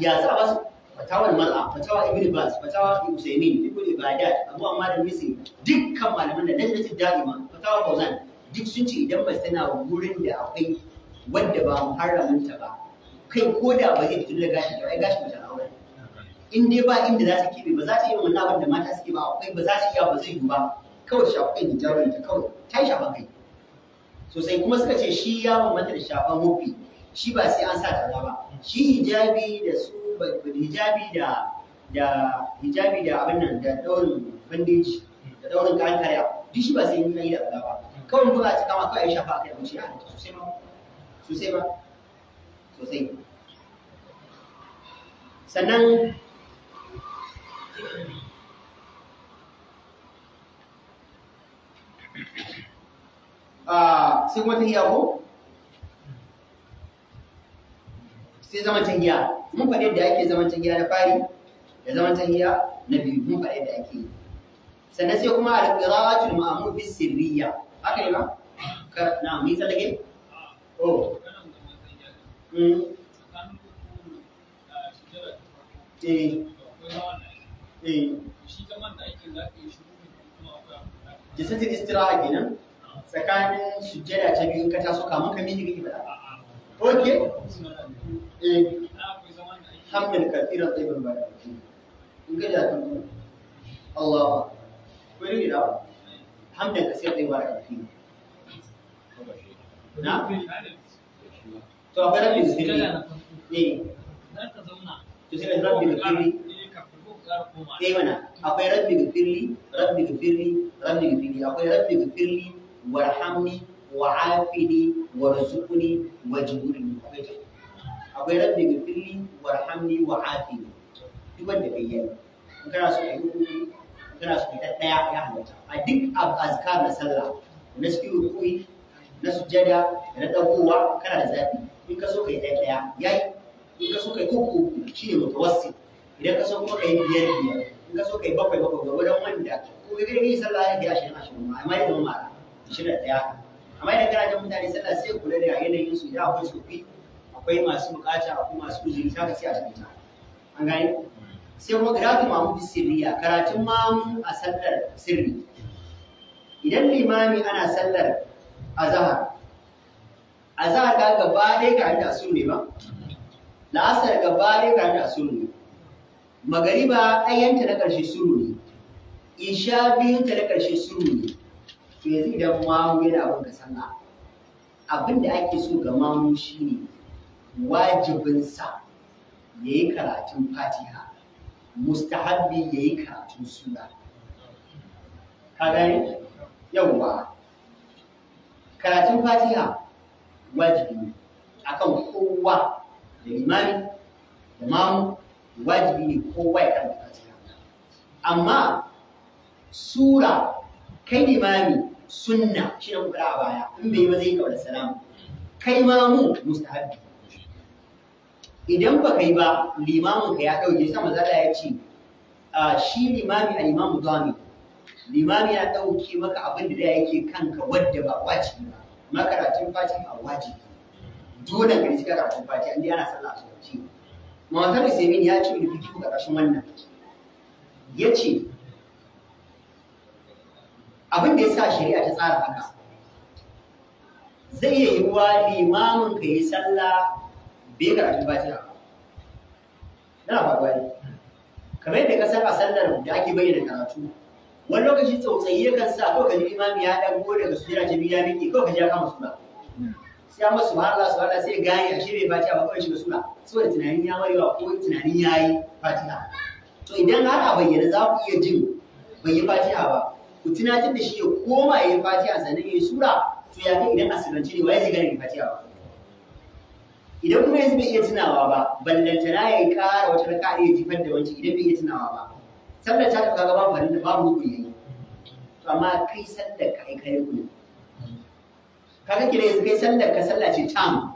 Ya za ba su fatawar mar'a fatawa ibn bas fatawa usaimin ibn ibadat abu amma da misri dukkan malaman da lajnatul da'ima fatawa fauzan duk sun ce idan mace tana wurin da akwai wanda ba haramun ta ba kai ko da ba zai fitar gashi da ai gashi mata aure in dai ba inda za ta kibe ba za ta yi wannan abin da mata suke ba akwai ba za ta iya ba zai yi ba kawai shafin hijabin ta kawai ta shafa kai sosai kuma suka ce shi ya mamata da shafan mafi shi ba sai an sa ta ba shi hijabi da su hijabi da da hijabi da abin nan da daurin bandeji da daurin kayan kariya duk shi ba sai yi da ba kawai ko za ta kama kawai shafa kai wuce a ta sosai ma sosai ba sosai sannan ah, sai kuma ta iya ko sai zaman tahiya mun faɗi yadda ake zaman tahiya na fari da zaman tahiya na biyu mun faɗi yadda ake sannan sai kuma al-qira'atul ma'mum fi sirriya haka ne ba ka na mun tsallake oh mm eh eh shi zaman da ake da ake shi jisatin istiraha kenan tsakanin sujjada ta biyu ka taso kamun ka miji kake faɗa okay eh hamdan kafiran tayyiban ba in ka da Allah bari da hamdan kafiran tayyiban ba na to a fara min sirri eh to sai rabbi da sirri eh akwai rabbi da sirri rabbi da sirri rabbi da sirri akwai rabbi da sirri warhamni wa'afini warzuqni wajburni akwai akwai rabbi gafirli warhamni wa afini duk wanda bai yi in kana so ayi ka in kana so ka daya ya halatta a duk azkar na sallah na cikin rukui na sujada na dagowa kana da zafi in ka so ka yi daya yayi in ka so ka yi shi ne mutawassi idan ka so kuma ka yi biyar biyar in ka so ka yi bakwai bakwai ga wajen wanda ko ka gani sallah ya ke ashirin ashirin ma amma yana mara shi da ɗaya amma idan kana jin mutane sallah sai kula da yanayin su ya akwai su fi akwai masu bukata akwai masu uzuri ta ka sai a ta an gani sai kuma karatu mamu sirriya karatun mamu a sallar sirri idan limami ana sallar azahar azahar ka gaba dai ga hanta sun ne ba la'asar gaba dai ka hanta sun ne magariba ɗayanta na ƙarshe suru ne isha biyunta na ƙarshe suru ne to yanzu idan mamu yana abin ka sallah abin da ake so ga mamu ne. wajibinsa ya yi karatun fatiha mustahabbi ya yi karatun suna kagani yawwa karatun fatiha wajibi ne akan kowa da limani da mamu wajibi ne kowa ya karatun fatiha amma sura kai limami sunna shi na a baya in bai ba zai kawar salamu kai mamu mustahabbi idan ba ka yi ba limamin ka ya ɗauke sama zala ya ce shi limami a imamu zami limami ya ɗauke maka abin da yake kanka wadda ba wajibi ba makaratun fati a wajibi dole ka yi karatun fati an ana sallah su wajibi Muhammad Usaimin ya ce rubuci ku ƙarƙashin wannan ya ce abin da ya sa shari'a ta tsara haka zai iya yiwuwa limamin ka yi sallah bai yi karatun fatiha na ba gwani kamar yadda ka san a sallar da ake bayyana karatu wani lokaci tsautsayi kan sa ko kaji ji imami ya dago daga su ta biya miki ko kaji ya kama musula sai amma su subhanallah sai gani a shirye fatiha ba kawai shiga sura saboda tunanin ya wayewa ko tunanin ya yi fatiha to idan har a bayyana za ku iya jin bai yi fatiha ba ku tunatar da shi ya koma ya yi fatiha sannan ya yi sura to ya kai idan asirance ne wa ya ji ganin fatiha ba idan kuma yanzu bai iya tunawa ba ballantana ya ƙara wata raka ya jifar da wancan idan bai iya tunawa ba sannan ta kaga gaba farin da babu rukun yayi to amma kai sallar ka ai kai rukun kaga da yanzu kai sallar ka sallah ce tam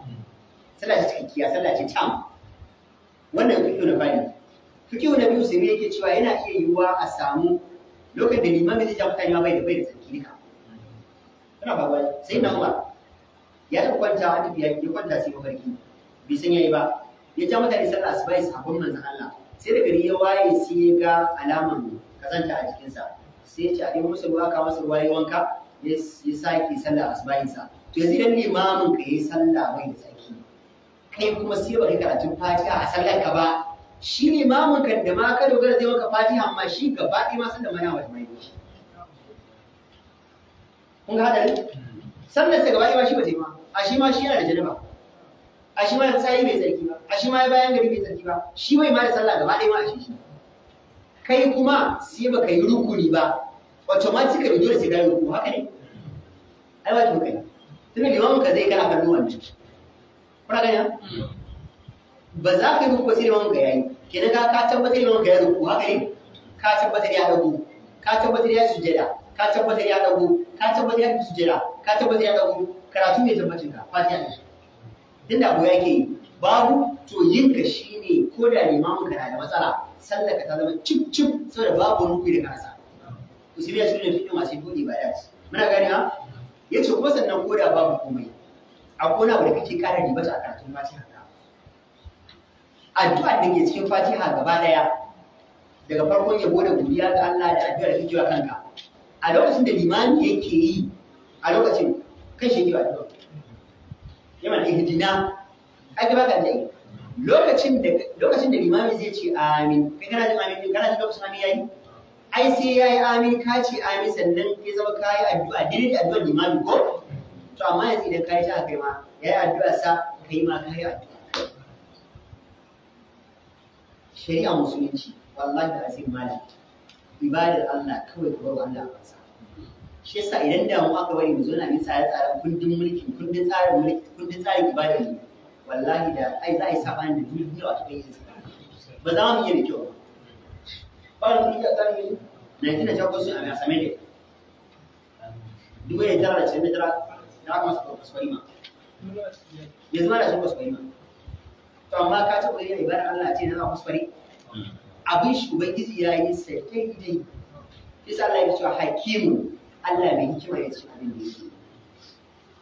sallah ce cikakkiya sallah ce tam wannan fikihu na fani fikihu na biyu sai yake cewa yana iya yiwuwa a samu lokacin da limamin zai ja mutane ma bai da bai da sarki duka kana ba sai na umar ya kwanta a tafiya ya kwanta sai mafarki bai san yayi ba ya ja mutane sallah su bai sabon manzon Allah sai da gari ya waye sai ya ga alaman kazanta a jikinsa sai ya ce a dai musu ruwa ka waye ruwa ya wanka ya sake sallah asuba sa to yanzu dan limamin ka yayi sallah bai tsaki kai kuma sai ba kai karatun fatiha a sallar ka ba shi imamin ka da ma ka dogara zai maka fatiha amma shi gaba ɗaya ma sallar mana wata mai shi kun ga hadarin sannan sai gaba ɗaya ma shi ba ta yi ma a shi ma shi yana da janaba a shi ma fitsari mai tsarki ba a shi ma bayan gari mai tsarki ba shi bai ma da sallah gaba ɗaya ma a shi kai kuma sai baka yi rukuni ba automatically dole sai ka yi rukuni haka ne ai wajibi kai tunda limamin ka zai kana hannu wani kuna gani ba za ka yi rukuni sai limamin ka yayi kenan ka ka tabbatar limamin ka ya rukuni haka ne ka tabbatar ya dago ka tabbatar ya sujjada ka tabbatar ya dago ka tabbatar ya sujjada ka tabbatar ya dago karatu ne tabbacin ka fatiha ne tun da abu yake yi babu to yin ka shine ko da limamin ka na da matsala sallar ka ta zama cip cip saboda babu rukuni da kansa to ne shi shine fitin masu ko ibada muna gani ha yace kuma sannan ko da babu komai akwai wani abu da kake kara ta a karatun fatiha ka addu'a da ke cikin fatiha gaba daya daga farkon yabo da godiya ga Allah da addu'a da kake wa kanka a lokacin da limami yake yi a lokacin kan shi yake addu'a yana ihdina ai ba ka dai lokacin da lokacin da limami zai ce amin kai kana jin amin kana jin lokacin amin yayi ai sai yayi amin ka ce amin sannan kai zama kai addu'a dire addu'ar limami ko to amma yanzu idan kai ta kai ma yayi addu'a sa kai ma kai addu'a shari'a musulunci wallahi da azim malam ibadar Allah kawai ka Allah a shi yasa idan da mu aka bari mu zo na mi tsare tsaren kundin mulki kundin tsarin mulki kundin tsarin ibada ne wallahi da ai za a yi sabani da duniya wato kai yin ba za mu iya da kyau ba ba mu iya tsari na tuna ta kusa a same da dubu ya tara da cikin da tara da aka masa kwaskwari ma ya zama da shi kwaskwari ma to amma ka taɓa yin ibada Allah ce na za kwaskwari mm. abin shi ubangiji ya yi sai kai dai yasa Allah ya ce hakimu Allah mai hikima ya ci abin da yake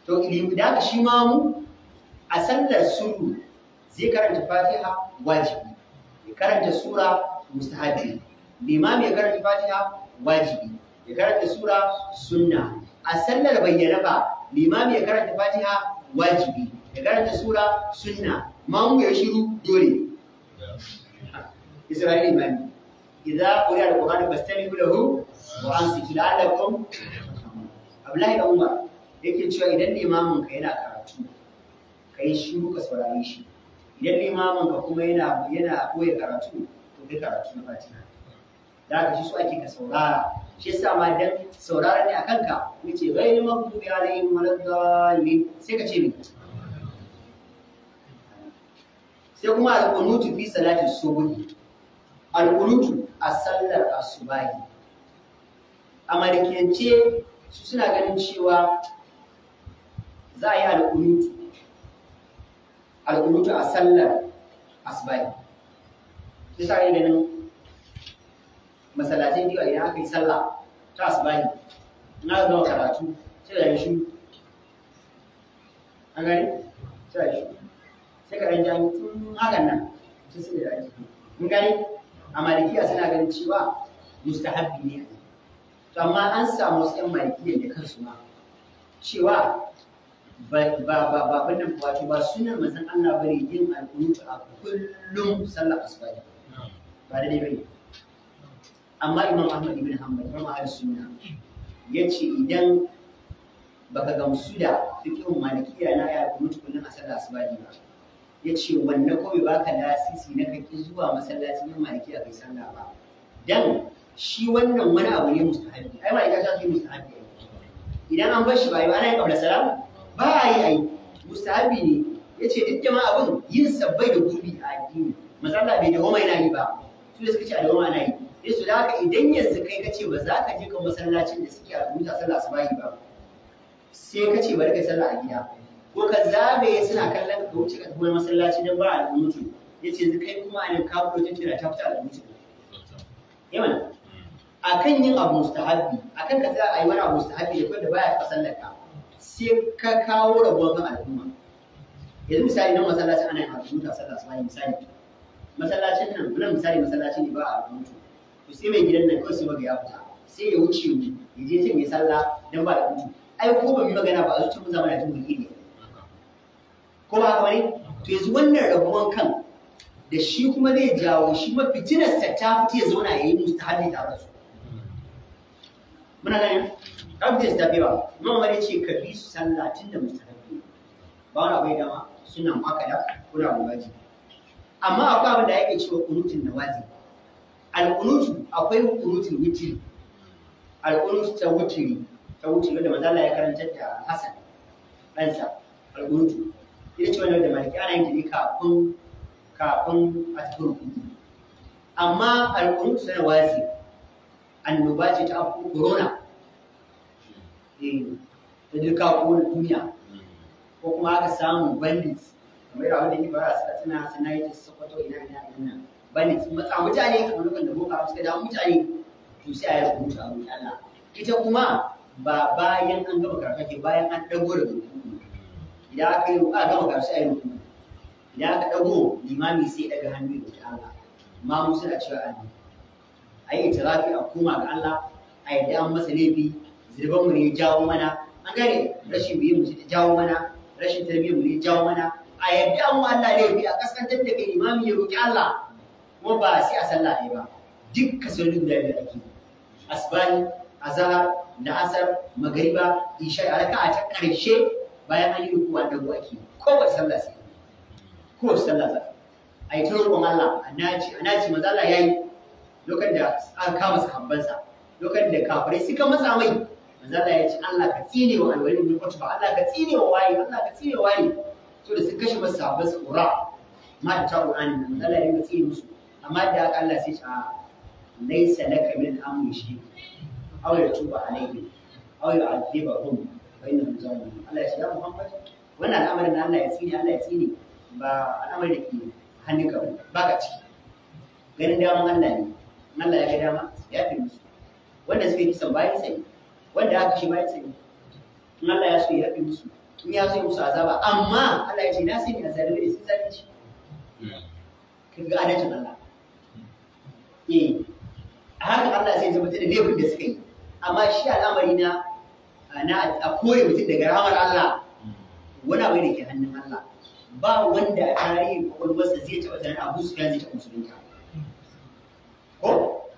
to ilimi da shi ma mu a sallar sunu zai karanta fatiha wajibi ya karanta sura mustahabi limam ya karanta fatiha wajibi ya karanta sura sunna a sallar bayyana ba limam ya karanta fatiha wajibi ya karanta sura sunna mamu ya shiru dole isra'ila imani idza quri'a al-qur'an fastami'u lahu wa ansitu la'allakum Abdullahi da Umar yake cewa idan limamin ka yana karatu ka yi shi, ka saurari shi idan limamin ka kuma yana yana koya karatu to kai karatu na fatima? da ka shi su ake ka saurara shi yasa ma dan saurara ne akan ka yace ghayr maghdubi alaihim waladdallin sai ka ce ni sai kuma al-qunutu fi salati subhi al-qunutu a sallar asubahi a malikiyance su suna ganin cewa za a yi alƙunutu alƙunutu a sallar asbai Ta sa ne ganin masallacin biyu idan aka yi sallah ta asbai na zama karatu ta da shi an gani ta da shi sai ka ɗan tun hakan nan ta sai da ake mun gani a malikiya suna ganin cewa mustahabbi ne a to amma an samu wasu yan malikiya da kansu ma cewa ba ba ba ba nan wato ba sunan manzon Allah bari yin alkunutu a kullum sallar asuba ba da dai bane amma imam ahmad ibn hanbal kuma a sunna yace idan baka gamsu da fiqhun malikiya na ya kunutu kullum a sallar asuba ba yace wanne kawai baka lasisi na kake zuwa masallaci yin malikiya kai sallah ba dan shi wannan wani abu ne mustahabi ai mala'ika ta ce mustahabi idan an bar shi ba yi ba ana yin kabla salam ba a yi ai mustahabi ne yace duk jama'a abin yin sabbai da gurbi a addini masalla bai goma yana yi ba su da suka ce a goma ana yi sai su da haka idan yanzu kai ka ce ba za ka je kan masallacin da suke a duniya sallah su bayi ba sai ka ce bari ka sallah a gida ko ka zabe suna kallon ka wuce ka tafi masallaci don ba a rubutu yace yanzu kai kuma a nan ka fito tana ta fita a rubutu yawan akan yin abu mustahabi akan ka tsaya a yi wani abu mustahabi ya da baya ka sai ka kawo rabuwa kan al'umma yanzu misali nan masallacin ana yin al'umma sallah su misali masallacin nan wannan misali masallacin ne ba a mutu to sai mai gidan nan kawai sai maga ya fita sai ya wuce mu ya je can ya sallah dan ba al'umma ai ko ba mu magana ba a zuciyar mu zama da jin ne ko ba kamar ne to yanzu wannan rabuwan kan da shi kuma zai jawo shi ma fitinarsa ta fita ya zauna ya yi mustahabi tare da su muna gani obvious da biwa. imam umar ce ka bi su sallah tun da mustahabbi ba wani abai dama suna makala kuna wajibi amma akwai abin da yake cewa kunutun da al-kunutu akwai kunutun wuti. al-kunutu ta witri ta wuti da manzo Allah ya karantar da Hassan ɗansa al-kunutu ita ce wani da maliki ana yin kafin kafin a cikin amma al-kunutu na wazi annoba ce ta afko corona eh, ta duka ko duniya ko kuma aka samu bandits kamar da wanda ibara suka tana suna yi su kwato ina ina ina nan bandits matsa mutane kamar lokacin da boka suka dawo mutane to sai a yi rubuta a wuce Allah ita kuma ba bayan an gama karfa ke bayan an dago da rubutu idan aka yi a gama karatu sai a yi rubutu idan aka dago limami sai daga hannu da Allah ma musu da cewa amin a yi itirafi a koma ga Allah a yi an masa laifi zirban mu ne ya jawo mana an gane rashin biyu mu ta jawo mana rashin tarbiyyar mu ne ya jawo mana a yadda an wa Allah laifi a kaskantar da kai imami ya roki Allah kuma ba sai a sallah ne ba duk kasalin da ya ake asbani azhar la'asar magariba isha a raka'a ta karshe bayan an yi ruku an dago ake kowace sallah sai kowace sallah sai. a yi ta roƙon Allah a naci a naci maza Allah ya yi lokacin da aka kama sahabbansa lokacin da kafirai suka matsa mai manzo Allah ya ce Allah ka tsine wa alwali bin utba Allah ka tsine wa waye Allah ka tsine wa waye to da suka kashe masa sahabban su qura ma da ta qur'ani manzo Allah ya dinga tsine musu amma da haka Allah sai ya ce ah, laysa laka min amri shi aw ya tuba alayhi aw ya adhibahum fa innahum zalimun Allah ya ce ya Muhammad wannan al'amarin na Allah ya tsine Allah ya tsine ba al'amarin da ke hannun hannunka ba ka ciki ganin daman Allah ne Allah ya ga dama ya fi musu wanda suka yi kisan bayan sani wanda haka shi bayan sani in Allah ya so ya fi musu in ya so ya musu azaba amma Allah ya ce na sani a zalimi da sun zalunci kin ga adalcin Allah eh haka Allah sai ya zama da laifin da suka yi amma shi al'amari na na a kore mutum daga ramar Allah wani abu ne ke hannun Allah ba wanda a tarihin kwakwalwarsa zai taɓa tunanin abu su zai taɓa musulunta ko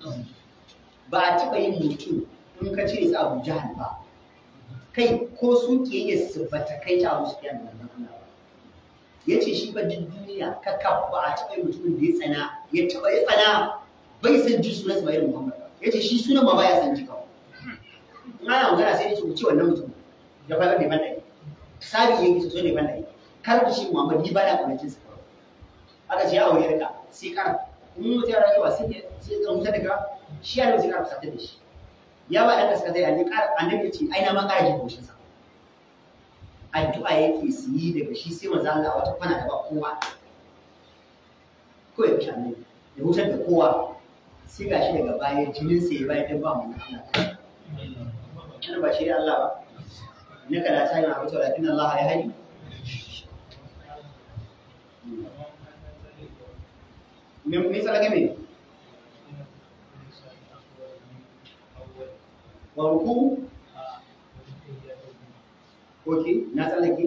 ba a taɓa yin mutum in ka ce su abu jihar ba kai ko sun yi su ba ta kai ta abu su fiyan nan ba. ya ce shi ba duk duniya ka kafa ba a taɓa yin mutumin da ya tsana ya taɓa ya tsana bai san ji sunan ba Muhammad ba. ya ce shi sunan ma baya san ji ka in ana magana sai ya ce ku ce wannan mutum ya fara neman ɗari sabi ya yi so neman ɗari kar ki ce muhammad ni ba na kwanakin sa aka ce ya aure ka sai kar in mutum ya rayuwa sai ya tsarusa daga shi ya rubuta ka da shi ya ba ɗan kaskazai a ƙara a nan ce ai na ma ƙara jin goshin sa addu'a yake su yi daga shi sai manzo Allah wata kwana da ba kowa ko ya fi annabi ya hutar da kowa sai ga shi daga baya jinin sai ya bayar dan ba mu Allah kana ba shi Allah ba naka la ta'ala abu ta'ala inna Allah ya haɗi? Means अलग में और रुकू okay na tsallake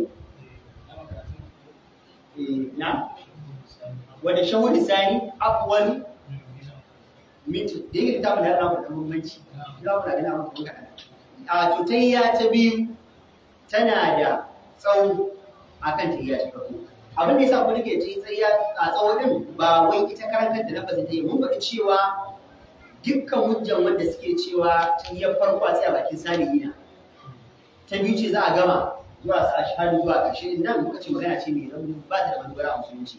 na wanda shahudi sani akwai minti da yake ta bada rawa da muhimmanci za mu da mu kuma kaɗan a tutayya ta biyu tana da tsawo akan tayya ta farko abin da yasa ku nake ji tsaya a tsawon din ba wai ita karantar da na ta yi mun faɗi cewa dukkan hujjan wanda suke cewa ya farko a tsaya bakin ina ta biyu ce za a gama zuwa sa ashhadu zuwa ƙarshe nan muka ce magana ce mai rauni ba ta da madogara a musulunci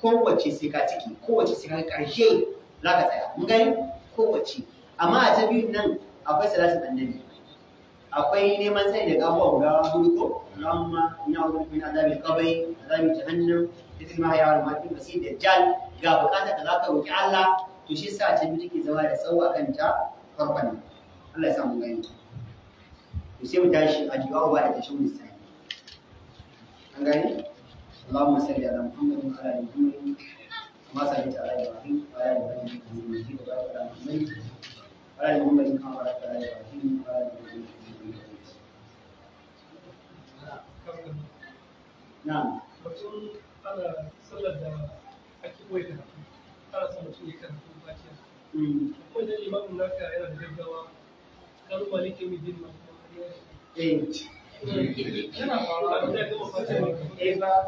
kowace sai ka ciki kowace sai ka ƙarshe za ka tsaya mun gani kowace amma a ta biyu nan akwai salatin annabi akwai neman sai da gawa guda hudu ko Allahumma inna a'udhu bika min adhabil qabri adhabi jahannam idan ma ya'lamu ma fi masjid dajjal ga bukata da zaka roki Allah to shi sa ce take zama da tsawo kanta farkon Allah ya samu gani to sai mu tashi a jiwa ba da tashin sai an gani Allahumma salli ala Muhammad wa ala ali Muhammad kama sallaita ala Ibrahim wa ala ali Ibrahim wa ala ali Muhammad wa barakta ala Ibrahim wa ala ali Muhammad ya ake son mutum ya da mm. ma eh,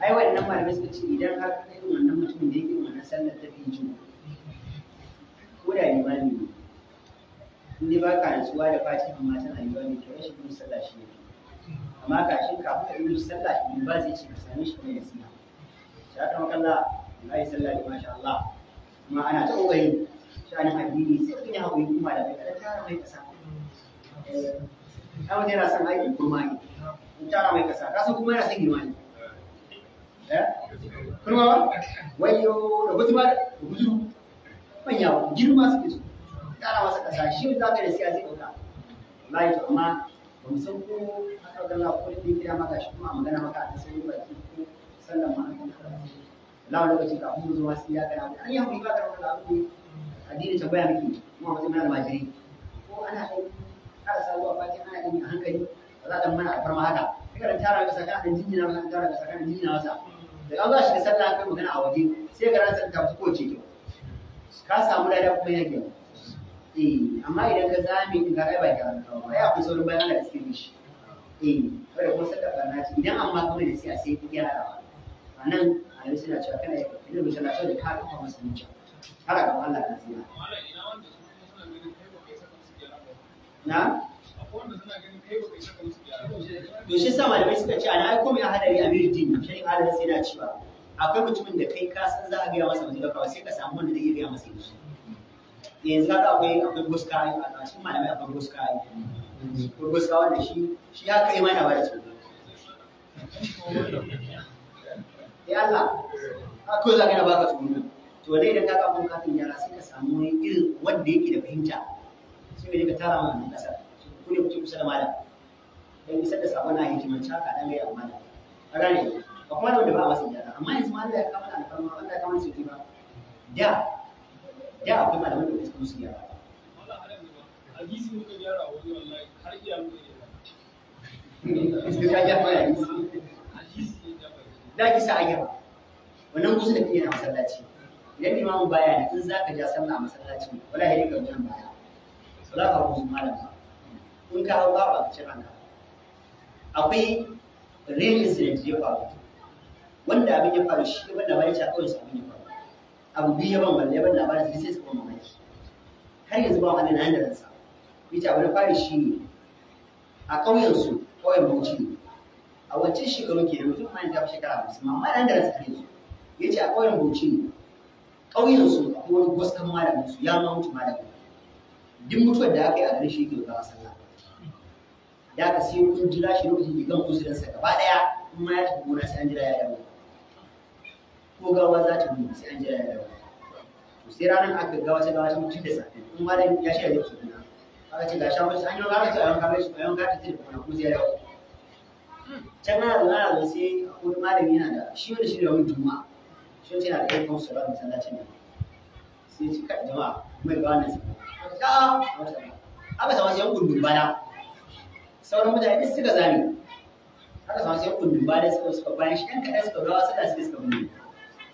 ai wannan malamai suka ce idan har kai irin wannan mutumin da yake wannan sallar ta fi juma ko da limami ne in ba ka rantsuwa da fatima ma tana limami to rashin yin sallah shi ne amma ga shi kafin ka yi sallah in ba zai ce ka same shi ne yasna sha ta makalla na yi sallah ne masha Allah kuma ana ta kokari shanin addini sai kun yi hakuri kuma da kada tara mai kasa ta mutum yana son aiki kuma aiki in tara mai kasa kasan kuma yana son girma ne eh? kurma ba wayo da guzuma da guzuru manya girma suke so tara masa kasa shi za ka da siya zai dauka wallahi ya amma ba mu san ko aka ga ko ne kira maka shi kuma magana maka a cikin baki ko sallan ma an la lokaci ka mu zuwa sai ya kana an yi hakuri ba ka wannan abu addini ta baya miki kuma mutum da majiri ko ana kai kada sabuwa fatin ana yi a hankali ba za ta mana alfarma haka karan tara masa ka an jinjina masa an tara masa ka an jinjina masa da an za shi da sallah kai magana a waje sai ka ran ta fito ce ka samu lada kuma yake Eh, amma idan ka zame ka ba ya fi saurin bayan da cikin shi eh kuma saka barna ce idan amma kuma da siya sai gyarawa a nan a yau suna cewa kana ilimin mutum na so da ka kafa masa mutum har a Allah ka tsira na to shi da malamai suka ce ana aiko mai hadari a mirdin shi hadari sai na ba, akwai mutumin da kai ka san za a gaya masa mutum da kawai sai ka samu wanda zai iya gaya masa yanzu yanzu kaga akwai akwai buska a nan malamai akwai buska a nan buska wanda shi shi ya kai mana ba da su ya Allah a ko za na baka tsoro to dai idan kaga abun kafin yara sai ka samu irin wanda yake da fahimta sai ka je ka tara mana kasar ku ne kusa da malam dan isar da sabon na hikimanci haka dan gaya malam rane ba kuma wanda ba a masa gyara amma yanzu malam ya kama da alfarma wanda ya kama da su ba da da akwai malaman da wasu su gyara hadisi muka gyara a gyara za ki sa a gyara wannan kusa da kiyana masallaci idan imamu baya ne in za ka ja sallah a masallaci ne. wala ya rika wajen baya wala ka kusa malam in ka hau ba ka ci rana akwai real incident ya faru wanda abin ya faru shi wanda bayan shi a kawai abin ya faru abu biyu ya yawan balle ban labarin sai sai su kuma mamaki har yanzu ba wani na handarin sa yace abu na fari shi ne a ƙauyen su ƙauyen Bauchi ne a wancan shekaru ke mutum ma ta shekara 50 amma na handarin sa yanzu. su yace a ƙauyen Bauchi ne ƙauyen su akwai wani gwaskan malamin su ya ma mutu malamin duk mutuwar da aka yi a garin shi yake ba sallah da aka sai kun jira shi lokacin gigan uzurinsa gaba ɗaya kuma ya tafi gona sai an jira ya dawo ko gawa za ta mutu sai an jira ya dawo to sai ranar aka gawa sai gawa ta mutu da safe Kuma ma ya shi a yau tukuna aka ce ga shawarci an yi wani a yanka mai shi a yanka ta ce ko sai ya dawo can na da lara da sai malami yana da shi wani shirya wani juma'a shi wani yana da yan kansu ba masallacin nan sai ci ka jama'a mai gawa na sai aka samu sai yan gundun bana sauran mutane duk suka zame aka samu sai yan gundun bana suka bayan shi ɗan kaɗan suka gawa suka suka suka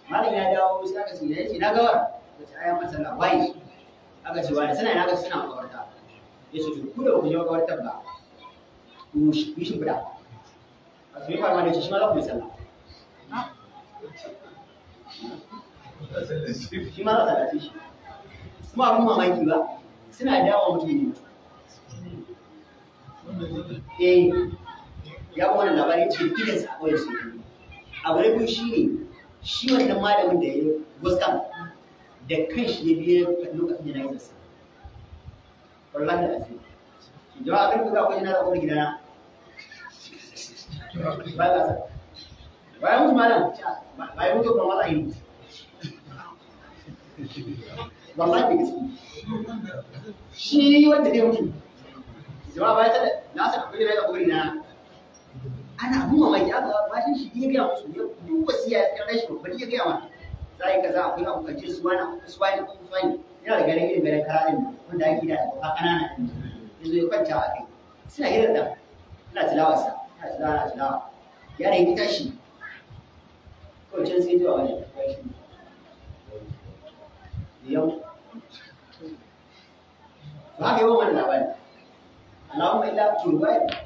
malam ya dawo sai aka ce ya ce na ta ce aya mata lawayi aka ce wani suna yana ga suna makawarta ya ce ku da ba ku yi shi guda a su yi faruwa da ce shi ma za ku yi sallah shi ma za a shi kuma abin mamaki ba suna dawo mutum ne eh ya wani labari ce gidansa a kawai su abu na biyu shi ne shi wannan malamin da ya yi guskan da kan shi ya biya lokacin da na sa wallahi da azumi jama'a kan ku kuma yana da kuma gidana ba ba bayan mutu malam bayan mutu kuma malam yi wallahi da gaske shi wanda zai mutu jama'a bayan sada na sa kuma gidana da kuma na? ana abun mai aka bashin shi ne gaya musu ne duk wasu ya rashin ba ya gaya mana sai kaza akwai abokace su wani su wani su wani yana da garin irin garin kararin wanda ake da abokan ƙanana yanzu ya kwanta a kai suna irin da suna tilawa sa suna tilawa na tilawa yi ya tashi kawai can sai zuwa wani yau ba ka yi wa wani labari Allahumma illa turbai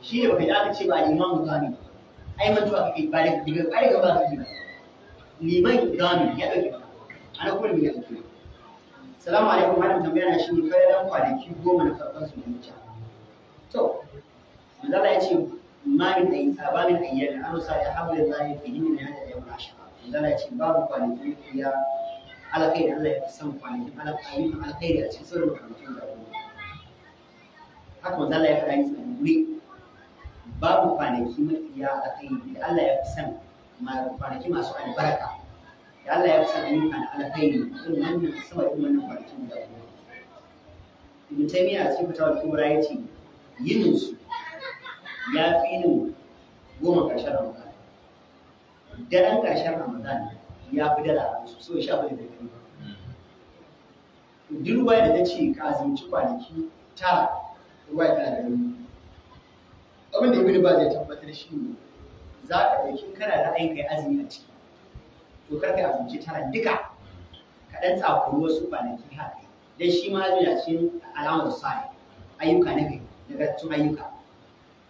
shi ne baka da aka ce ba liman mutane ai mantuwa kake ba da daga ƙwari gaba ka ji ba liman gami ya ɗauke a na kuma ya ɗauke salamu alaikum malam tambaya na shi ne kai dan kwanaki goma na farkon su zuciya to manzo Allah ya ce ma min ayi ba min ayyana an sa ya habla Allah fi hinna ya da yau asha manzo Allah ya ce babu kwanaki ya alkhairi Allah ya san kwanaki alkhairi alkhairi a cikin sauran makarantun da haka manzo Allah ya faɗa yi tsangure babu kwanaki mafiya a kai da Allah ya fi san kwanaki masu albarka da Allah ya fi san ayyuka na alkhairi irin wannan sama irin wannan kwanakin da kuma Ibn Taymiyyah a cikin fatawar Kubra ya ce yin su ya fi yin goma ƙarshen Ramadan daren ƙarshen Ramadan ya fi dara su so sha bada da kai mm-hmm. duk ruwa da ta ce ka azumci kwanaki tara ruwaya tana da rauni abin da ibnu baz ya tabbatar shi ne za ka ɗauki kana da aika azumi a ciki to kar ka azumci tara duka ka ɗan tsakuri wasu kwanaki haka dan shi ma azumi a cikin alamar sa'i ayyuka na kai daga cikin ayyuka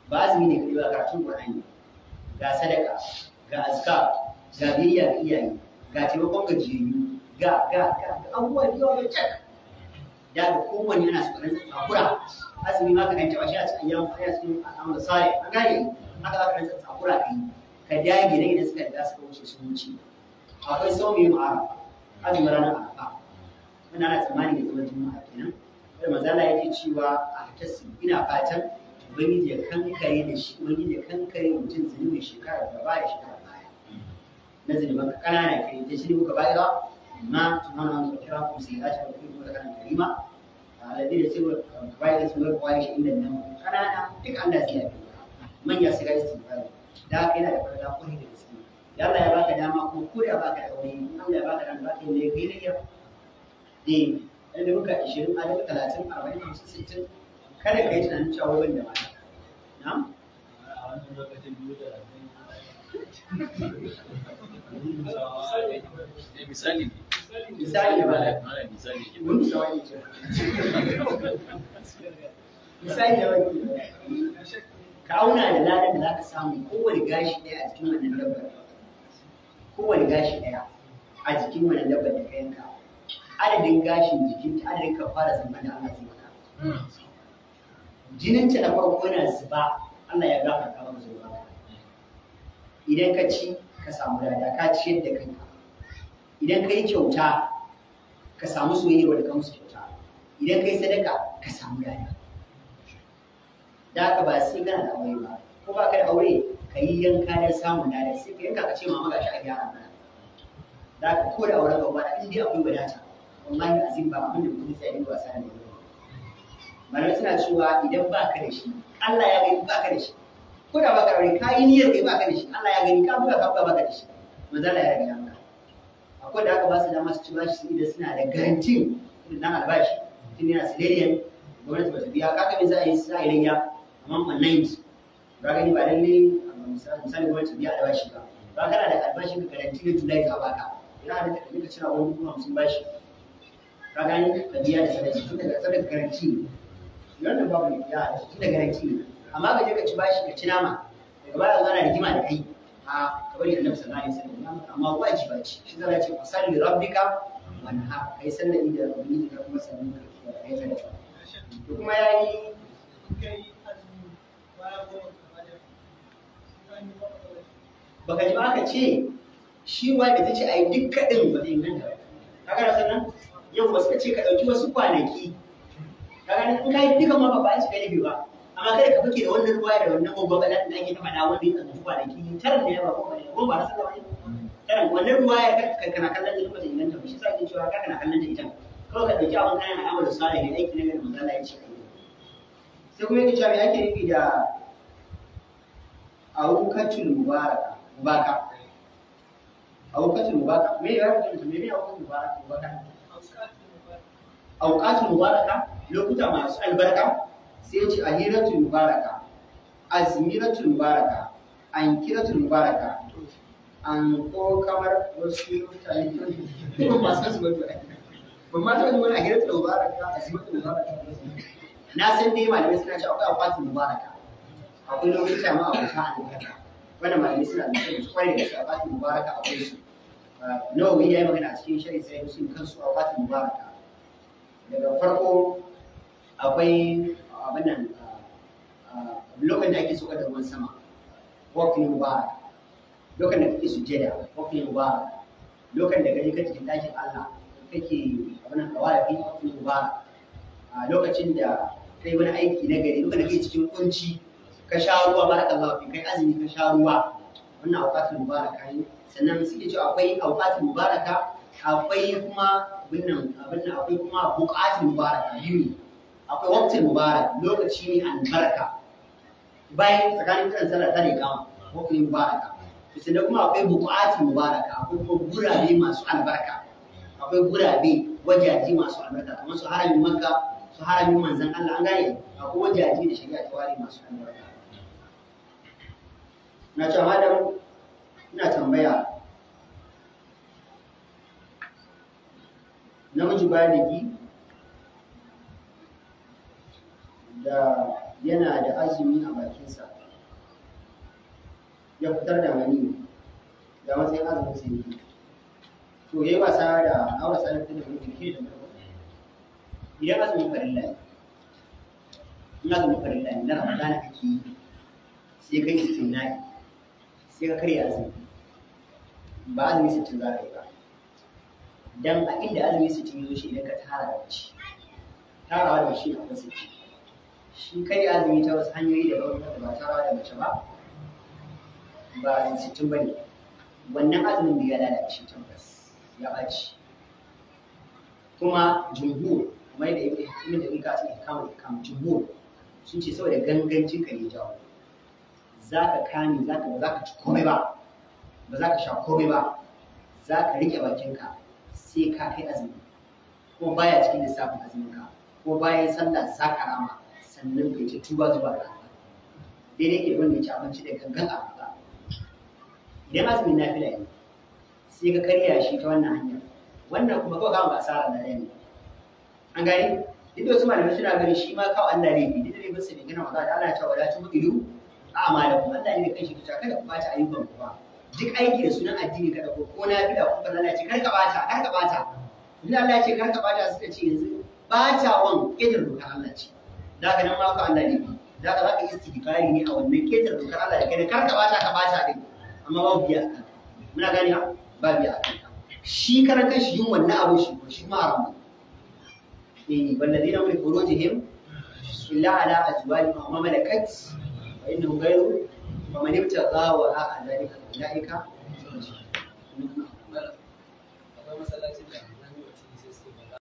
ba azumi ne kaɗai ba karatun Qur'ani ga sadaka ga azka ga biyayya ga iyaye ga taimakon gajiyayyu ga ga ga abubuwa da yawa cak da ga kowanne yana su karanta tsakura azumi ma ka kanta ba shi a cikin yawon kai a cikin al'amur sare an gane haka aka rantsa tsakura kai ka dage da idan suka riga suka wuce sun wuce akwai sau mai ma'ara azumi ranar arafa wanda ana tsammani da zaman juma'a kenan wanda mazala yake cewa a tasi ina fatan Wani ya kankare da shi ubangiji ya kankare mutum zunubin shekara gaba da shekara baya na zunuban kanana kai ta shi ne muka bayarwa ma subhanahu wa ta'ala kuma sai ya shi kuma da kana karima alladhi ah, da sirru bai da sirru inda nan kanana duk Allah sai ya fi manya su ga su fara da haka yana da farka kuri da gaske ya Allah ya baka dama ko ko da baka da wani Allah ya baka dama baka ne gina ya eh da muka 20 a daga 30 40 50 60 kada kai tunanin cewa wani da mata na'am eh, misali misali ba da misali misali da ka auna da ladan da za ka samu kowane gashi ɗaya a jikin wannan dabbar kowane gashi ɗaya a jikin wannan dabbar da ka yanka adadin gashin jikinta adadin ka fara zama da Allah zai maka jininta na farko yana zuba Allah ya gafarta maka zuba idan ka ci ka samu lada ka ciyar da kanka idan ka yi kyauta ka samu soyayyar da ka musu kyauta idan ka yi sadaka ka samu lada da aka ba sai kana da aure ba ko ba ka da aure ka yi yanka kayan samun dada sai ka yanka ka ce mama gashi a gyara mana da aka ko da auren babba in dai akwai wadata wallahi azim ba abin da mutum sai yi wasa ne malamai suna cewa idan ba ka da shi Allah ya gani ba ka da shi ko da ba ka da aure ka yi niyyar kai ba ka da shi Allah ya gani ka buga ka buga ba ka da shi mazala ya gani akwai da aka ba su dama su ci bashi su da suna da garantin dan albashi tun yana sileriyan gwamnati ba su biya kaka ne za a yi sa a rayya amma online ba gani ba lalle um, misali gwamnati biya albashi ba ba kana da albashin ka garanti na julai ka baka yana da ka cira wani kuma hamsin bashi ka gani ka biya da sadaki tun daga sadaka garanti ne wannan babu ya tun da garanti ne amma ka je ka ci bashi ka ci nama daga baya zo ana rigima da kai koyi annabi sallallahu alaihi wasallam amma wajiba ce shi zai ce fasalli rabbika wanha kai sallan inda rabbi ka kuma sanin ka kai ta to kuma yayi baka ji ba aka ce shi ma da ta ce a yi duk kaɗin ba zai inganta ba kaga da sannan yau wasu ka ce ka ɗauki wasu kwanaki kaga in ka yi duka ma ba ba a cika ba amma kada ka fake da wannan ruwa da wannan gobe da ake ta faɗa wanda ya tsananci kwanaki tarin da ya ba ko ba ko ba rasa ba tarin wannan ruwa ya kai kana kallon da lokacin inganta ba shi sa ke cewa kana kallon da ita kawai ka ɗauki abin kayan al'amar da sare ne aiki na mai manzo Allah ya ce sai kuma yake cewa me ake nufi da aukatul mubaraka mubaka aukatul mubaka me ya rabu da me me aukatul mubaraka mubaka aukatul mubaraka lokuta masu albarka sai ce a hiratul mubaraka azmiratul mubaraka an kiratul mubaraka an ko kamar wasu mutane kuma masu su wani ba ma ta wani a hiratul mubaraka azmiratul mubaraka na san dai malamai suna ce akwai akwatin mubaraka akwai lokuta ma akwai ta albarka wannan malamai suna da kyau kwarai da su akwatin mubaraka akwai su uh, nawawi ya yi magana a cikin shari'a sai sun kansu akwatin mubaraka daga farko akwai abin nan ah, ah, lokacin da ake so da ruwan sama wakil mubarak lokacin da kake sujjada wakil mubarak lokacin da kaje ka cikin dakin Allah kake abin nan kawai wakil mubarak lokacin da kai wani aiki na gari lokacin da kake cikin kunci ka sha ruwa barakallahu fi kai azumi ka sha ruwa wannan auqatul mubaraka ne sannan suke cewa akwai auqatul mubaraka akwai kuma abin nan akwai kuma buqatul mubaraka yini akwai waktin mubarak lokaci ne albarka bayan tsakanin kiran sallah ta ne kama waktin mubaraka sai kuma akwai buƙati mubaraka akwai kuma gurabe masu albarka akwai gurabe wajaji masu albarka kamar su haramin makka su haramin manzan Allah an gane akwai wajaji da shari'a ta wari masu albarka na ce madam ina tambaya namiji bayan da da yana da azumi a bakinsa ya fitar da mani da matsayin azumin sai yi to yayi wasa da awar salatu da mutum ke da idan azumin farilla ne in azumin farilla ne na ramadana kake yi sai kai sittin na'i sai ka karya azumi ba azumi sittin za ka yi ba dan a inda azumi sittin ya zo shi idan ka tara da shi tarawa da a kan sittin shi kai azumi ta wasu hanyoyi da ba tara da mace ba ba sittin ba ne wannan azumin da ya lalace tabbas ya ɓaci kuma jumhur kamar yadda hakimin da ibn kasu ke kama kam jumhur sun ce saboda gangancin ka ne jawo za ka kame za ka ba za ka ci komai ba ba za ka sha komai ba za ka riƙe bakinka sai ka kai azumi ko baya cikin lissafin azumin ka ko bayan sallah za ka rama sannan ka ce tuba zuwa ga daidai ke wanda ya ci abinci da gangan a kuka idan azumin na fila ne sai ka karya shi ta wannan hanyar wannan kuma kawai kawai ba asara na ne an gani, duk da wasu malamai suna ganin shi ma kawai Allah ne duk da ne basu ne gina magana ana cewa da tun ido a malamu Allah ne kai shi ta kada ku bata ayyukan ku ba duk aiki da sunan addini kada ko ko na bida ko Allah ce ka bata ka bata duk Allah ce ka bata suka ce yanzu bata wan idan doka Allah ce da haka nan ma ka Allah ne da haka za ka istighfari ne a wannan ketar dokar Allah da kai kar ka bata ka bata din amma babu biya muna gani ha ba biya shi karan kan shi yin wannan abun shi ko shi ma haram eh walladina min furujihim illa ala azwajihim wa malakat wa innahum ghayru wa man ibtagha wa a dhalika ulaika akwai masallacin da